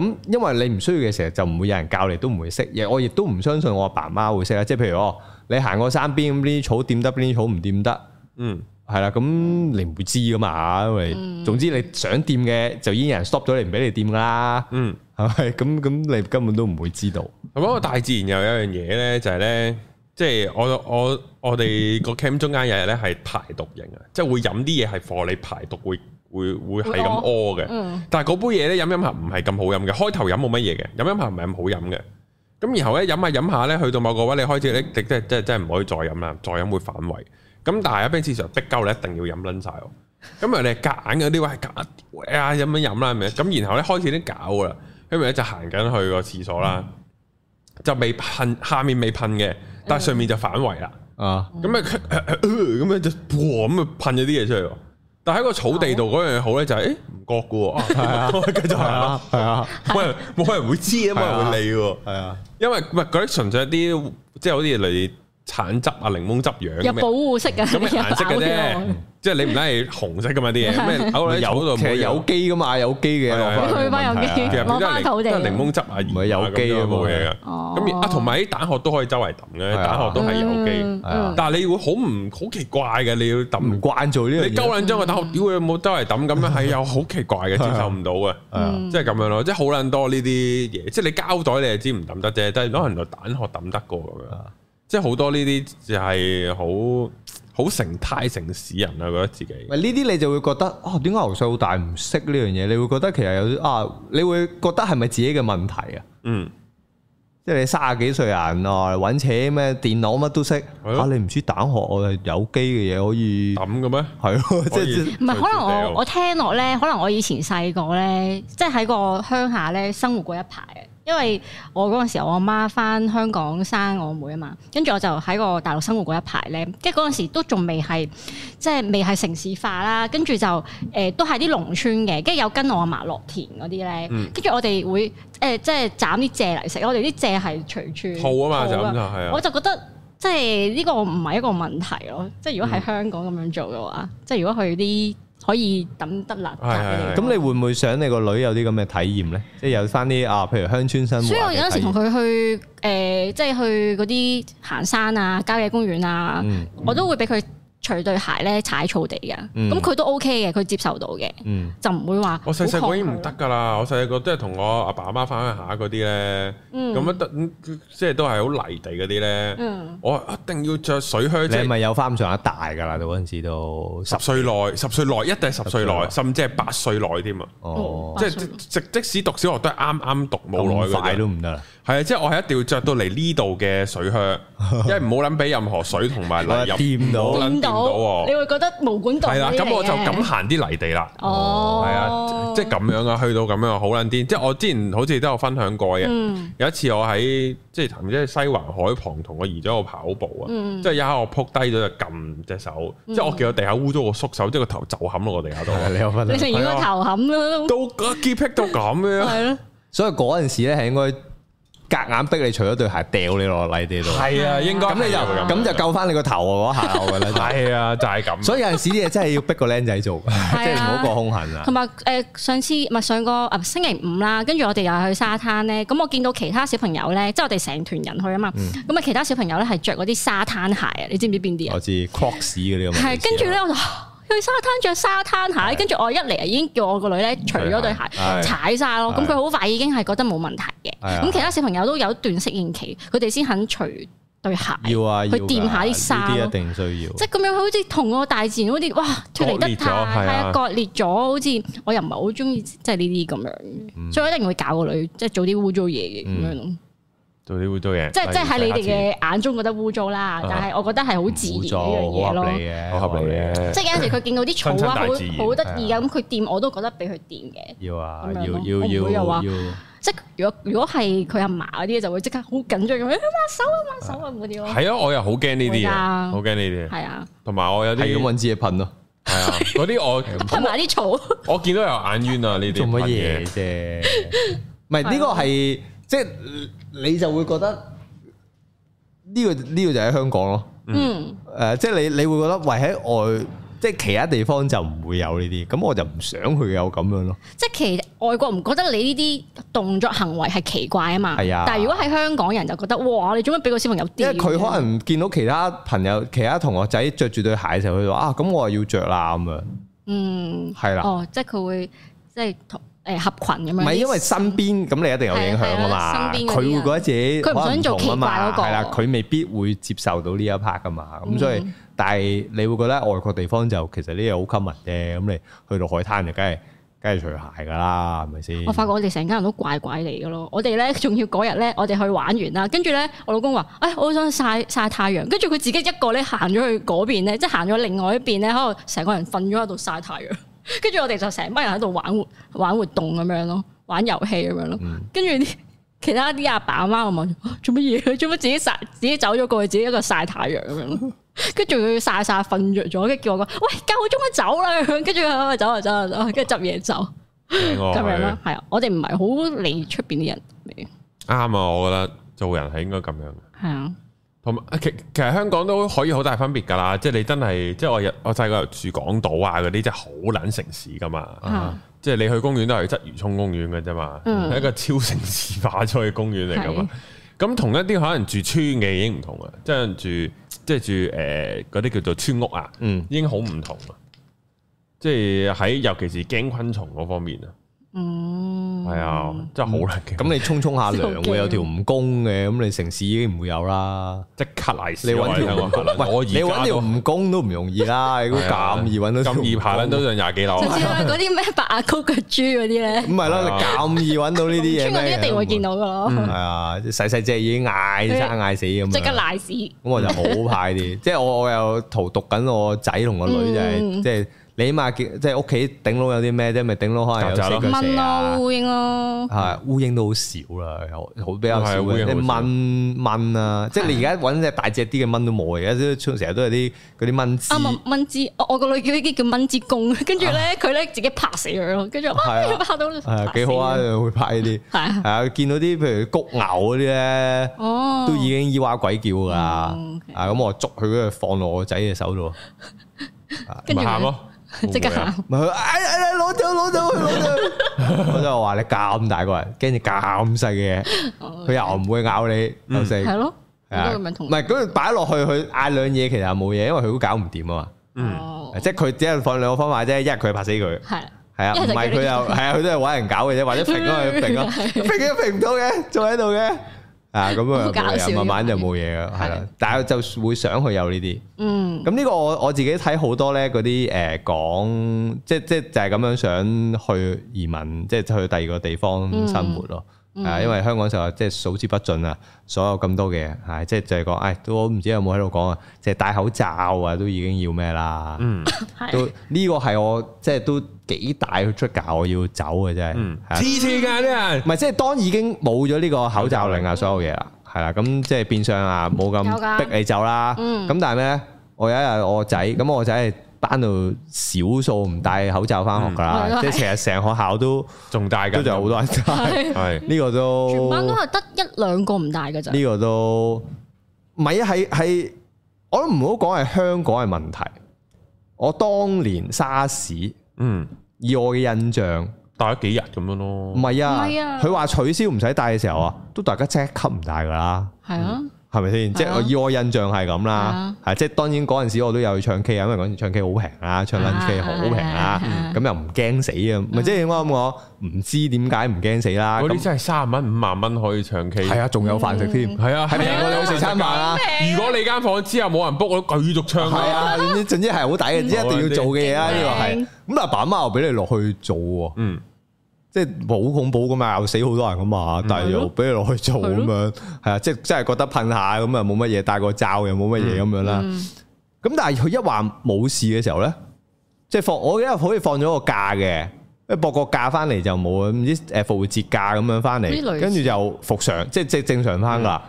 Speaker 3: 咁，因為你唔需要嘅時候就唔會有人教你，都唔會識嘢，我亦都唔相信我阿爸阿媽會識啊，即係譬如哦，你行過山邊啲草掂得，邊啲草唔掂得，嗯，係啦，咁你唔會知噶嘛，因為總之你想掂嘅就已經有人 stop 咗你，唔俾你掂噶啦，嗯，係咪？咁咁你根本都唔會知道。
Speaker 1: 咁啊，大自然又有樣嘢咧，就係咧。即係我我我哋個 camp 中間有日咧，係排毒型啊， [LAUGHS] 即係會飲啲嘢係幫你排毒，會會會係咁屙嘅。嗯、但係嗰杯嘢咧，飲飲下唔係咁好飲嘅，開頭飲冇乜嘢嘅，飲飲下唔係咁好飲嘅。咁然後咧，飲下飲下咧，去到某個位你開始咧即即即即係唔可以再飲啦，再飲會反胃。咁但係阿 Ben Sir 逼鳩你一定要飲撚晒喎。咁因為你係夾硬嘅啲位係夾硬啲位啊，飲緊飲啦係咪？咁然後咧，開始啲搞噶啦，跟住咧就行緊去個廁所啦， [LAUGHS] [LAUGHS] 就未噴下面未噴嘅。但係上面就反圍啦，啊、嗯，咁啊咁樣就，咁啊噴咗啲嘢出嚟。但係喺個草地度嗰樣嘢好咧，就係誒唔覺嘅，係、哦、啊，繼 [LAUGHS] 續係走啊，係啊，冇人冇人會知，冇、啊、人會理嘅，係啊，因為唔係嗰啲純粹一啲，即係好似嚟。橙汁啊，檸檬汁樣有保
Speaker 2: 護色嘅咁嘅顏色嘅啫，
Speaker 1: 即係你唔單係紅色噶嘛啲嘢，咩有有有機噶嘛，有機嘅，推翻有機，攞翻土地，即係檸檬汁啊，唔係有機嘅冇嘢嘅。咁啊，同埋啲蛋殼都可以周圍抌嘅，蛋殼都係有機。但係你會好唔好奇怪嘅，你要抌唔慣做呢個？你鳩兩張個蛋殼，屌會有冇周圍抌咁樣係有好奇怪嘅，接受唔到嘅，即係咁樣咯。即係好撚多呢啲嘢，即係你膠袋你係知唔抌得啫，但係攞嚟做蛋殼抌得過咁樣。即係好多呢啲就係好好
Speaker 3: 成態城市人啊，覺得自己。呢啲你就會覺得啊，點解由細到大唔識呢樣嘢？你會覺得其實有啲啊，你會覺得係咪自己嘅問題啊？嗯，即係你三十幾歲人啊，揾錢咩電腦乜都識的啊，你唔知蛋殼我哋有機嘅嘢可以揼嘅咩？係咯，即係
Speaker 2: 唔係？可能我我聽落咧，可能我以前細個咧，即係喺個鄉下咧生活過一排。因為我嗰陣時我阿媽翻香港生我妹啊嘛，跟住我就喺個大陸生活嗰一排咧，即係嗰陣時都仲未係即係未係城市化啦，跟住就誒、呃、都係啲農村嘅，跟住有跟我阿嫲落田嗰啲咧，跟住、嗯、我哋會誒、呃、即係斬啲蔗嚟食，我哋啲蔗係隨處好啊嘛，就咁就係啊，的的我就覺得即係呢個唔係一個問題咯，即係、嗯、如果喺香港咁樣做嘅話，即係、嗯、如果去啲。可以等得啦。咁
Speaker 3: 的你會唔會想你個女有啲咁嘅體驗咧？即係有返啲啊，譬如鄉村生活。所以我有陣時同
Speaker 2: 佢去誒、呃，即係去嗰啲行山啊、郊野公園啊，嗯嗯、我都會俾佢。除對鞋咧踩草地嘅，咁佢都 O K 嘅，佢接受到嘅，就唔會話，我細細個已經唔
Speaker 1: 得噶啦，我細細個都係同我阿爸阿媽翻鄉下嗰啲咧，咁乜得，即係都係好泥地嗰啲咧，我一定要着水靴。你咪有翻上一大噶啦，到嗰陣時都十歲內，十歲內一定係十歲內，甚至係八歲內添啊！即係即即使讀小學都係啱啱讀冇耐嗰快都唔得啦。係啊，即係我係一定要着到嚟呢度嘅水靴，因為唔好諗俾任何水同埋泥入，掂到掂到，你會
Speaker 2: 覺得毛管堵塞。係啦，咁我就咁
Speaker 1: 行啲泥地啦。哦，係啊，即係咁樣啊，去到咁樣好撚癲。即係我之前好似都有分享過嘅，有一次我喺即係潭即係西環海旁同我兒咗我跑步啊，即係一下我扑低咗就撳隻手，即係我見到地下污糟，我縮手，即係個頭就冚落個地下度。你有分？你成個頭冚咯，
Speaker 3: 都潔癖到咁嘅。係咯，所以嗰陣時咧係應該。隔硬逼你，除咗對鞋掉你落泥地度，係啊，應該咁你就咁就救翻你個頭嗰下，我覺得係啊，就係咁。所以有陣時啲嘢真係要逼個僆仔做，即係唔好過凶狠啊。同
Speaker 2: 埋誒，上次咪上個誒星期五啦，跟住我哋又係去沙灘咧。咁我見到其他小朋友咧，即係我哋成團人去啊嘛。咁啊，其他小朋友咧係着嗰啲沙灘鞋啊，你知唔知邊啲啊？
Speaker 3: 我知 cross 嗰啲，係
Speaker 2: 跟住咧，我就。去沙灘着沙灘鞋，跟住的我一嚟啊，已經叫我個女咧除咗對鞋踩晒咯，咁佢好快已經係覺得冇問題嘅。咁的其他小朋友都有一段適應期，佢哋先肯除對鞋，
Speaker 3: 要啊去掂下啲沙咯。一定需要
Speaker 2: 即係咁樣，佢好似同個大自然好似，哇！脫離得太太割裂咗的，好似我又唔係好中意即係呢啲咁樣，嗯、所以我一定會搞個女即係、就是、做啲污糟嘢嘅咁樣。嗯
Speaker 1: 做啲污糟嘢，即係即係喺你哋嘅
Speaker 2: 眼中覺得污糟啦。但係我覺得係好自然呢樣嘢咯，合理嘅，
Speaker 3: 好合理嘅。即係有陣時佢見到啲草啊，好好得意啊。
Speaker 2: 咁佢掂我都覺得俾佢掂嘅。
Speaker 3: 要啊，要要要。
Speaker 2: 即係如果如果係佢阿嫲嗰啲，就會即刻好緊張咁樣啊！手啊手啊，唔好掂。係啊，我又好驚呢啲嘢，好驚呢啲。係啊，
Speaker 3: 同埋我有啲咁搵支嘢噴咯。係啊，嗰啲我
Speaker 2: 噴埋啲草。
Speaker 3: 我見到又眼冤啊！呢啲做乜嘢啫？唔係呢個係即係。你就會覺得呢個呢個就喺香港咯，嗯，誒、呃，即係你你會覺得，喂、呃、喺外，即係其他地方就唔會有呢啲，咁我就唔想佢有咁樣咯。
Speaker 2: 即係其外國唔覺得你呢啲動作行為係奇怪啊嘛，係啊。但係如果喺香港人就覺得，哇，你做乜俾個小朋友點？因為佢可能
Speaker 3: 見到其他朋友、其他同學仔着住對鞋嘅時候，佢就話啊，咁我又要着啦咁樣。嗯，
Speaker 2: 係啦。哦，即係佢會即係同。誒合群咁樣，唔係因為身
Speaker 3: 邊咁，嗯、你一定有影響啊嘛。身邊佢會覺得自己可能唔同啊嘛。係啦、嗰個，佢未必會接受到呢一 part 噶嘛。咁、嗯、所以，但係你會覺得外國地方就其實呢樣好吸引啫。咁你去到海灘就梗係梗係除鞋噶啦，係咪先？我發
Speaker 2: 覺我哋成家人都怪怪嚟噶咯。我哋咧仲要嗰日咧，我哋去玩完啦，跟住咧我老公話，哎，我好想曬曬太陽。跟住佢自己一個咧行咗去嗰邊咧，即係行咗另外一邊咧，喺度成個人瞓咗喺度曬太陽。跟住我哋就成班人喺度玩活玩活動咁樣咯，玩遊戲咁樣咯。跟住啲其他啲阿爸阿媽問我做乜嘢？做乜自己晒自己走咗過去，自己一個晒太陽咁樣咯。跟住佢晒晒瞓着咗，跟住叫我講喂，夠鐘啦，走啦。跟住走啊走啊走，跟住執嘢走咁樣咯。係啊，我哋唔係好理出邊啲人嚟。
Speaker 1: 啱啊是，我覺得做人係應該咁樣。係啊。同埋，其其實香港都可以好大分別噶啦，即係你真係，即係我日我細個住港島啊，嗰啲真係好捻城市噶嘛，嗯、即係你去公園都係去鰂魚涌公園嘅啫嘛，係、嗯、一個超城市化咗嘅公園嚟噶嘛。咁是同一啲可能住村嘅已經唔同啦，即係住即係住誒嗰啲叫做村屋啊，已經好唔同啦。嗯、即係喺尤其是驚昆蟲嗰方面啊。
Speaker 3: 嗯，係啊，真係好難嘅。咁你沖冲下涼會有條蜈蚣嘅，咁你城市已經唔會有啦，即刻瀨屎。你搵條蜈蚣，都唔容易啦，咁咁易搵到，咁易爬搵到上廿幾樓。甚
Speaker 2: 至係嗰啲咩白額高腳蛛嗰啲咧，唔係你咁
Speaker 3: 易搵到呢啲嘢。出面一定會
Speaker 2: 見到噶
Speaker 3: 咯。係啊，細細隻已經嗌生嗌死咁，即刻
Speaker 2: 瀨屎。咁我
Speaker 3: 就好怕啲，即係我我又荼毒緊我仔同我女就係即係。你起碼即係屋企頂籠有啲咩啫？咪頂籠可能有蚊咯、
Speaker 2: 烏蠅咯。
Speaker 3: 係烏蠅都好少啦，好比較少。蚊蚊啊，即係你而家揾隻大隻啲嘅蚊都冇，而家都出成日都有啲啲蚊滋。蚊
Speaker 2: 蚊我我個女叫呢啲叫蚊滋公，跟住咧佢咧自己拍死佢咯，跟住哇拍到。係幾好啊？
Speaker 3: 會拍呢啲。係啊，係見到啲譬如谷牛嗰啲咧，都已經咿哇鬼叫㗎咁，我捉佢跟住放落我仔嘅手度，跟住喊咯。即係，咪去，哎哎，攞走，攞走，去攞走。我就話你咁大個人，跟住咁細嘅嘢，佢又唔會咬你，老死，係咯，係啊，唔係咁擺落去，佢嗌兩嘢，其實冇嘢，因為佢都搞唔掂啊嘛。嗯，即係佢只係放兩個方法啫，一係佢拍死佢，係係啊，唔係佢又係啊，佢都係搵人搞嘅啫，或者平咯，平咯，平都平唔到嘅，仲喺度嘅。啊，咁樣又慢慢就冇嘢嘅。係啦，但係就會想去有呢啲，嗯，咁呢個我我自己睇好多咧，嗰啲誒講，即係即係就係咁樣想去移民，即係去第二個地方生活咯。嗯啊！因為香港就話即係數之不盡啊，所有咁多嘅，係即係就係、是、講，唉，都唔知有冇喺度講啊，即係戴口罩啊，都已經要咩啦？嗯，都呢 [LAUGHS] 個係我即係都幾大出價，我要走嘅真係次次㗎啲人，唔係即係當已經冇咗呢個口罩令啊，所有嘢啦，係啦、嗯，咁即係變相啊，冇咁逼你走啦。咁、嗯、但係咩咧？我有一日我仔，咁我仔。班度少數唔戴口罩翻學噶啦，即係其實成學校都仲戴，都仲有好多人戴。係呢個都，全班都係
Speaker 2: 得一兩個唔戴噶咋？呢
Speaker 3: 個都，唔係啊，係係，我都唔好講係香港嘅問題。我當年沙士，嗯，以我嘅印象，戴咗幾日咁樣咯。唔係啊，係啊，佢話取消唔使戴嘅時候啊，都大家即刻吸唔戴噶啦。係啊。係咪先？即係以我印象係咁啦，係即係當然嗰陣時我都有去唱 K 啊，因為嗰陣時唱 K 好平啊，唱撚 K 好平啊，咁又唔驚死啊，咪即係我諗我唔知點解唔驚死啦。嗰啲真係三十蚊五萬蚊可以唱 K，係啊，仲有飯食添，
Speaker 1: 係啊，係平我哋去食餐飯啊。如果你間房之後冇人 book，我都繼續唱，係啊，總之係好抵嘅，一定要做嘅嘢啊呢個係。
Speaker 3: 咁阿爸阿媽又俾你落去做喎，嗯。即係好恐怖噶嘛，又死好多人噶嘛，但係又俾佢落去做咁、嗯就是、樣，係啊，即係即係覺得噴下咁啊，冇乜嘢，戴個罩又冇乜嘢咁樣啦。咁、嗯、但係佢一話冇事嘅時候咧，即、就、係、是、放我咧好似放咗個假嘅，因博個假翻嚟就冇啊，唔知誒復活節假咁樣翻嚟，跟住就復常，即係即係正常翻噶。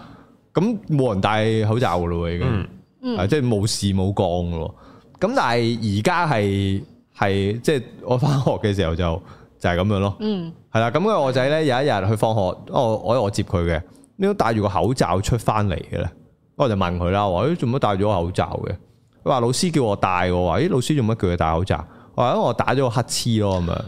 Speaker 3: 咁冇、嗯、人戴口罩噶咯，已經即係冇事冇降咯。咁但係而家係係即係我翻學嘅時候就。就係咁樣咯，係啦、嗯。咁個、嗯、我仔咧有一日去放學，哦，我我接佢嘅，呢都戴住個口罩出翻嚟嘅咧。我就問佢啦，話：做乜戴咗個口罩嘅？佢話老師叫我戴，我、欸、老師做乜叫佢戴口罩？我話因為我打咗個乞嗤咯咁樣。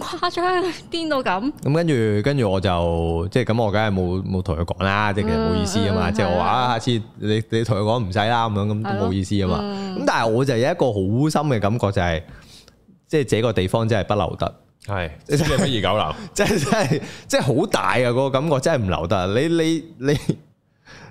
Speaker 2: 咁誇張，癲到咁
Speaker 3: 咁、嗯、跟住跟住我就即係咁、嗯，我梗係冇冇同佢講啦，即係冇意思啊嘛。即係我話下次你你同佢講唔使啦，咁樣咁都冇意思啊嘛。咁、嗯、但係我就有一個好深嘅感覺，就係、是、即係這個地方真係不留得。係即係乜二九樓，即係即係即係好大啊！嗰個感覺真係唔留得。你你你，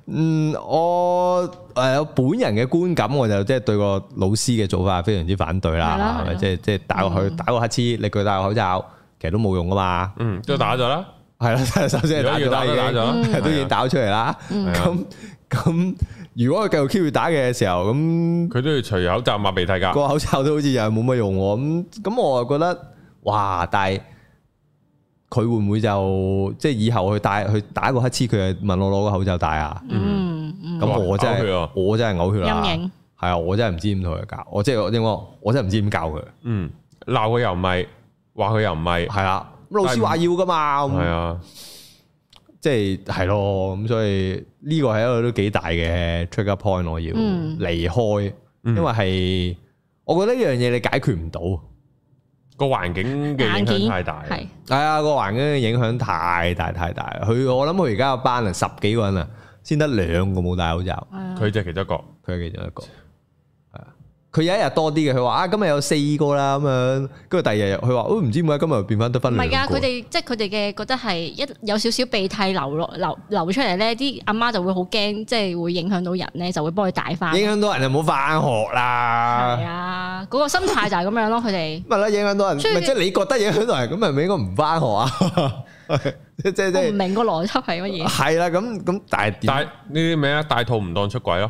Speaker 3: 嗯，我誒，我本人嘅觀感，我就即係對個老師嘅做法非常之反對啦。係咪即係即係打過去打個乞嗤，你叫佢戴個口罩，其實都冇用噶嘛。嗯，都打咗啦，係啦，首先係打咗，打咗，都已經打出嚟啦。咁咁，如果佢繼續 keep 住打嘅時候，咁佢都要除口罩抹鼻涕噶，個口罩都好似又係冇乜用喎。咁咁，我就覺得。哇！但係佢會唔會就即係以後去戴去打一個乞嗤？佢又問我攞個口罩戴啊
Speaker 4: 嗯？嗯，咁、嗯、哇我真係
Speaker 3: 嘔血，我真係嘔血啦！係盈啊，我真係唔知點同佢教。我即係點，我真係唔知點教佢。嗯，鬧佢又唔係，話佢又唔係，係啦、啊。老師話要噶嘛？係是、嗯、啊，即係係咯。咁所以呢個係一個都幾大嘅 trigger point。我要離開，嗯嗯、因為係我覺得呢樣嘢你解決唔到。個環境嘅影響太大，係的，係啊，個環境嘅影響太大太大。佢我諗佢而家個班啊，十幾個人啊，先得兩個冇戴口罩，佢就、哎、呀係其中一個，佢係其中一個。佢有一日多啲嘅，佢話啊，今日有四個啦，咁樣，跟住第二日佢話，唔知點解今日又變翻得翻唔係啊？佢哋
Speaker 2: 即係佢哋嘅覺得係一有少少鼻涕流落流流出嚟咧，啲阿媽就會好驚，即係會影響到人咧，就會幫佢戴翻。影響到
Speaker 3: 人就唔好返學啦。
Speaker 2: 係啊，嗰個心態就係咁樣咯，佢哋。咪啦，影響到人。即係你
Speaker 3: 覺得影響到人，咁咪應該唔返學啊？即係即係。唔
Speaker 2: 明個邏輯係乜嘢？
Speaker 3: 係啦，咁咁大。
Speaker 1: 大呢啲咩啊？大肚唔當出軌咯。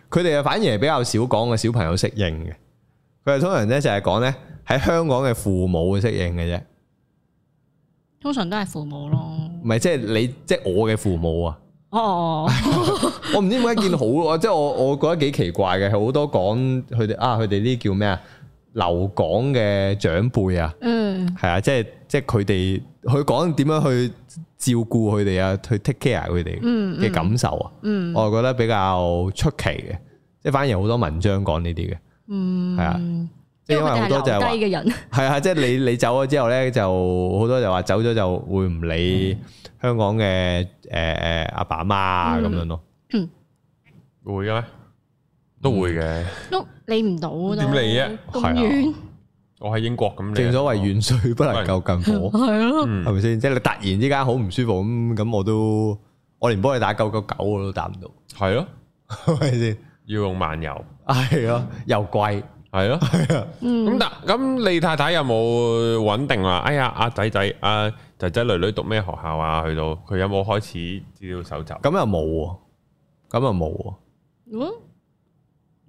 Speaker 3: 佢哋啊，反而係比較少講嘅小朋友適應嘅。佢哋通常咧就係講咧，喺香港嘅父母會適應嘅啫。
Speaker 2: 通常都係父母
Speaker 3: 咯。唔係即係你即係我嘅父母啊。哦，我唔知點解見好啊，即係我我覺得幾奇怪嘅，係好多講佢哋啊，佢哋呢啲叫咩啊，留港嘅長輩啊，嗯，係啊，即係即係佢哋佢講點樣去。照顧佢哋啊，去 take care 佢哋嘅感受啊，我係覺得比較出奇嘅，即係反而好多文章講呢啲嘅，係啊，即係因為好多就係話低嘅人，係啊，即係你你走咗之後咧，就好多就話走咗就會唔理香港嘅誒誒阿爸阿媽咁樣咯，會嘅咩？都會嘅，
Speaker 2: 都理唔到，點理啫？咁遠。係啊。
Speaker 3: 我喺英國咁，正所謂遠水不能救近火，係啊是，係咪先？嗯、即係你突然之間好唔舒服咁，咁我都我連幫你打九九九我都打唔到，係咯、啊，係咪先？要用漫遊，係咯，又貴，係咯，係啊，
Speaker 4: 咁
Speaker 1: 但咁你太太有冇穩定啊？哎呀，阿、啊、仔仔、阿仔仔、姐姐女女讀咩學校
Speaker 3: 啊？去到佢有冇開始資料搜集？咁又冇，咁又冇。嗯。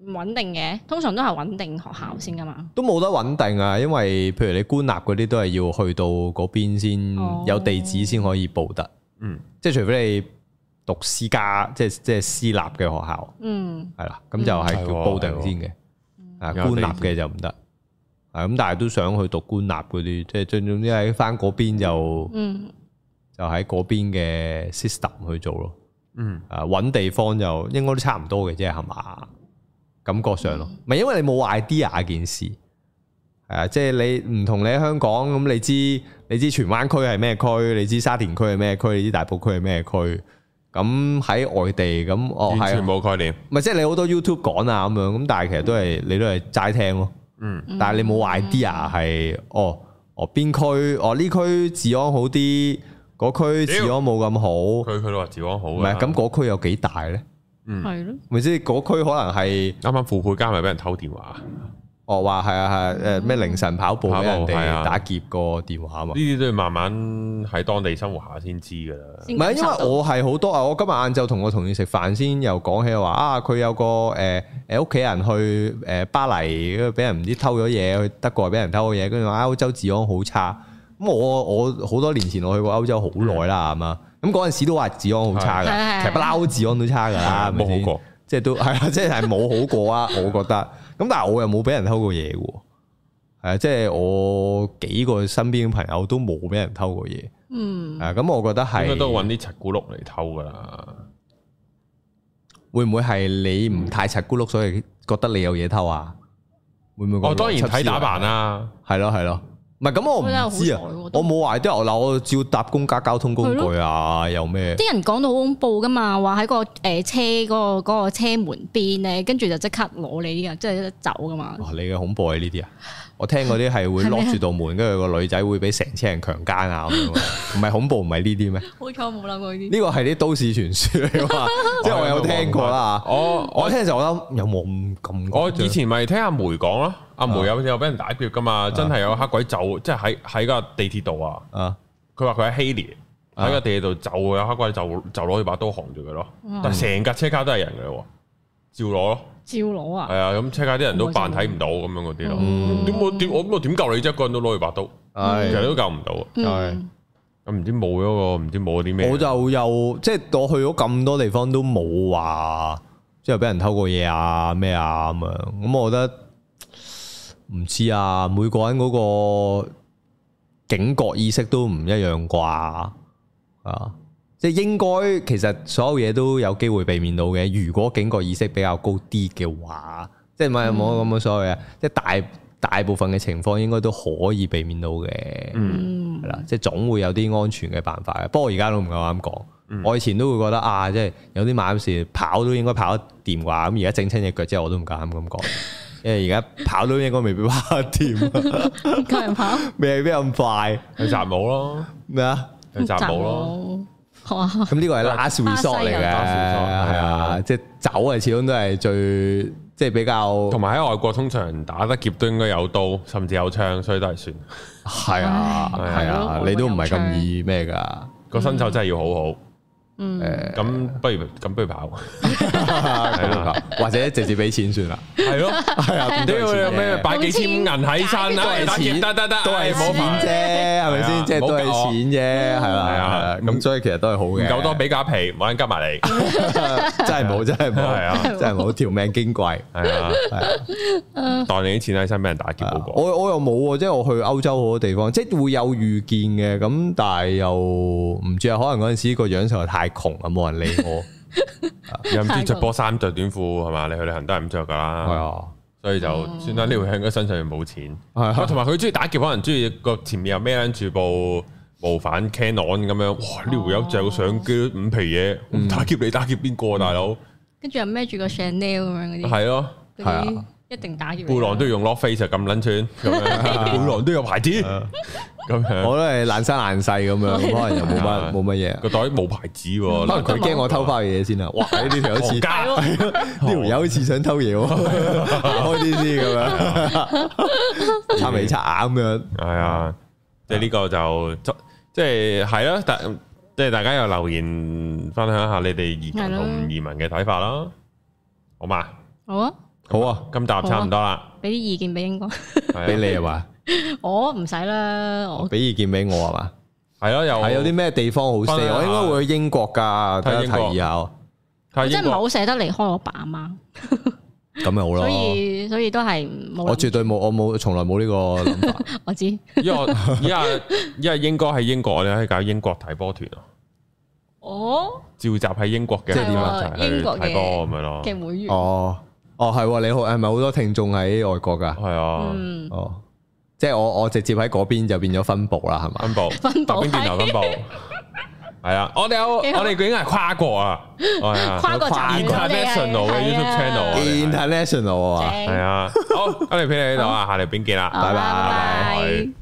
Speaker 2: 唔穩定嘅，通常都係穩定學校先噶嘛。嗯、
Speaker 3: 都冇得穩定啊，因為譬如你官立嗰啲都係要去到嗰邊先、哦、有地址先可以報得。嗯，即係除非你讀私家，即係即係私立嘅學校。
Speaker 4: 嗯，
Speaker 3: 係啦，咁就係要報定先嘅。啊、嗯，官、嗯、立嘅就唔得。啊、嗯，咁但係都想去讀官立嗰啲，即係總總之喺翻嗰邊就，嗯、就喺嗰邊嘅 system 去做咯。嗯，啊揾地方就應該都差唔多嘅，啫，係係嘛。感覺上咯，咪、嗯、因為你冇 idea 件事，係啊，即係你唔同你喺香港咁，你知你知荃灣區係咩區，你知沙田區係咩區，你知，區區你知大埔區係咩區，咁喺外地咁，完全冇概念。唔係、哦、即係你好多 YouTube 講啊咁樣，咁但係其實都係、嗯、你都係齋聽咯。嗯，
Speaker 4: 但係你冇 idea
Speaker 3: 係哦哦邊區哦呢區治安好啲，嗰區治安冇咁好。佢
Speaker 1: 佢都話治安好，唔係咁
Speaker 3: 嗰區有幾大咧？嗯，係咯的，唔知嗰區可能係啱啱富配嘉咪俾人偷電話，哦話係啊係，誒咩凌晨跑
Speaker 1: 步俾人哋打劫個電話啊，呢啲都要慢慢喺當地生活下知先知噶啦。唔係，因為我
Speaker 3: 係好多啊，我今日晏晝同我同事食飯先又說說，又講起話啊，佢有個誒誒屋企人去誒、呃、巴黎，俾人唔知偷咗嘢去德國，俾人偷咗嘢，跟住話歐洲治安好差。咁我我好多年前我去過歐洲好耐啦，係嘛。咁嗰陣時都話治安好差嘅，的其實不嬲治安都差噶啦，冇好過，即係都係啊，即係冇好過啊，我覺得。咁但係我又冇俾人偷過嘢嘅，係即係我幾個身邊嘅朋友都冇俾人偷過嘢。嗯，啊，咁我覺得係，應該都揾啲賊咕碌嚟偷噶。會唔會係你唔太賊咕碌，所以覺得你有嘢偷啊？會唔會？我、哦、當然睇打扮啦，啊，係咯，係咯。唔係咁，我唔知啊，我冇壞啲樓，我照搭公家交通工具啊，咯有咩？啲
Speaker 2: 人講到好恐怖噶嘛，話喺、那個誒、呃、車嗰、那個、嗰個車門邊咧，跟住就即刻攞你啲啊，即、就、係、是、走噶嘛。
Speaker 3: 哇！你嘅恐怖係呢啲啊？我聽嗰啲係會 lock 住道門，跟住個女仔會俾成車人強奸啊，咁樣，唔係恐怖唔係呢啲咩？
Speaker 4: 好彩冇諗過呢
Speaker 3: 啲。呢個係啲都市傳說啊，即 [LAUGHS] 係我有聽過啦我、 [LAUGHS] 哦、我聽嘅時候,、嗯、我候，我諗有冇咁咁。我以前咪聽阿梅講咯，阿梅有有俾人打劫噶
Speaker 1: 嘛，真係有黑鬼走，即係喺喺個地鐵度啊。啊，佢話佢喺悉尼喺個地鐵度走，有黑鬼就就攞住把刀行住佢咯，但成架車卡都係人嘅喎。照攞咯，
Speaker 2: 照攞啊！
Speaker 1: 係啊，咁車街啲人都扮睇唔到咁、嗯、樣嗰啲咯。點、嗯、我點我咁我點救你啫？個人都攞住把刀，其實、嗯、都救唔
Speaker 3: 到。啊、嗯。係咁唔知冇咗個，唔知冇咗啲咩。我就又，即、就、係、是、我去咗咁多地方都冇話，即係俾人偷過嘢啊咩啊咁樣。咁我覺得唔知啊，每個人嗰個警覺意識都唔一樣啩啊。即係應該，其實所有嘢都有機會避免到嘅。如果警覺意識比較高啲嘅話，即唔係冇冇咁嘅所謂啊！嗯、即係大大部分嘅情況應該都可以避免到嘅，係啦、嗯。即係總會有啲安全嘅辦法嘅。不過而家都唔夠膽講。嗯、我以前都會覺得啊，即係有啲馬事跑都應該跑得掂啩。咁而家整親隻腳之後，我都唔夠膽咁講。因為而家跑都應該未必跑得掂。夠 [LAUGHS] 人跑，未必咁快。去摘帽咯，咩啊？ [LAUGHS] 去摘帽咯。
Speaker 4: 咁呢個係 last resort 嚟嘅，
Speaker 3: 係啊，即係走啊，始終都係最即係比較。同埋喺外國通常打得劫都應該有刀，甚至
Speaker 1: 有槍，所以都係算。係啊，係啊，你都唔係咁易咩㗎？個身手真係要好好。嗯，咁不如咁不如跑，
Speaker 3: 或者直接俾錢算啦，
Speaker 1: 係咯，係啊，唔知佢有咩擺幾千銀喺身啊？都係錢，得得得，都係錢啫，係咪先？即係都係錢
Speaker 3: 啫，係咪啊？咁所以其實都係好嘅，夠多
Speaker 1: 俾架皮，冇人加埋你，
Speaker 3: 真係冇，真係冇，係啊，真係冇，條命矜貴，係啊，係啊，當你啲錢喺身俾人打劫嗰個，我我又冇喎，即係我去歐洲好多地方，即係會有預見嘅，咁但係又唔知啊，可能嗰陣時個樣就太。窮啊，冇人理我。又唔知着波衫、着短褲，
Speaker 1: 係嘛？你去旅行都係咁着噶啦。係啊，所以就算啦。呢條友應該身上又冇錢。係同埋佢中意打劫，可能中意個前面又孭住部無反 Canon 咁樣。哇！呢條友有著相機五皮嘢，唔打劫你打劫邊個大佬？
Speaker 2: 跟住又孭住個 Chanel 咁樣嗰啲。係
Speaker 1: 咯，係啊。
Speaker 2: 一定打完，背囊
Speaker 1: 都用 lock face 咁撚串，咁樣背
Speaker 3: 囊都有牌子，咁樣我都係爛生爛世咁樣，可能又冇乜冇乜嘢，個袋冇牌子喎，可能佢驚我偷翻嘢先啊！哇，呢條友似，呢條友似想偷嘢，開呢啲咁樣插尾
Speaker 1: 擦眼咁樣，係啊，即係呢個就即係係咯，但即係大家又留言分享下你哋移民同唔移民嘅睇法啦，
Speaker 3: 好嘛？好啊。好啊，咁答差唔多啦。
Speaker 2: 俾啲意見俾英國，係俾你啊嘛。我唔使啦。我
Speaker 3: 俾意見俾我啊嘛。係咯，又係有啲咩地方好食？我應該會去英國噶，睇下提議下。即係唔係好
Speaker 2: 捨得離開我爸阿媽。
Speaker 3: 咁咪好咯。所以
Speaker 2: 所以都係冇。我絕對
Speaker 3: 冇，我冇，從來冇呢個諗
Speaker 2: 法。我知，
Speaker 1: 因
Speaker 3: 為因為因為英國係英國，你可以搞英國睇波團啊。
Speaker 4: 哦，
Speaker 3: 召集喺英國嘅，英國嘅咁樣咯嘅會員。哦，係，你好，係咪好多聽眾喺外國噶？係啊，哦，即係我我直接喺嗰邊就變咗分布啦，係咪？分布，分布，白兵電台分布。係啊，
Speaker 1: 我哋有，我哋竟然係跨國啊，跨國，international 嘅 YouTube channel，international 啊，係啊，好，今日俾你呢度啊，下期邊見啦，拜
Speaker 4: 拜。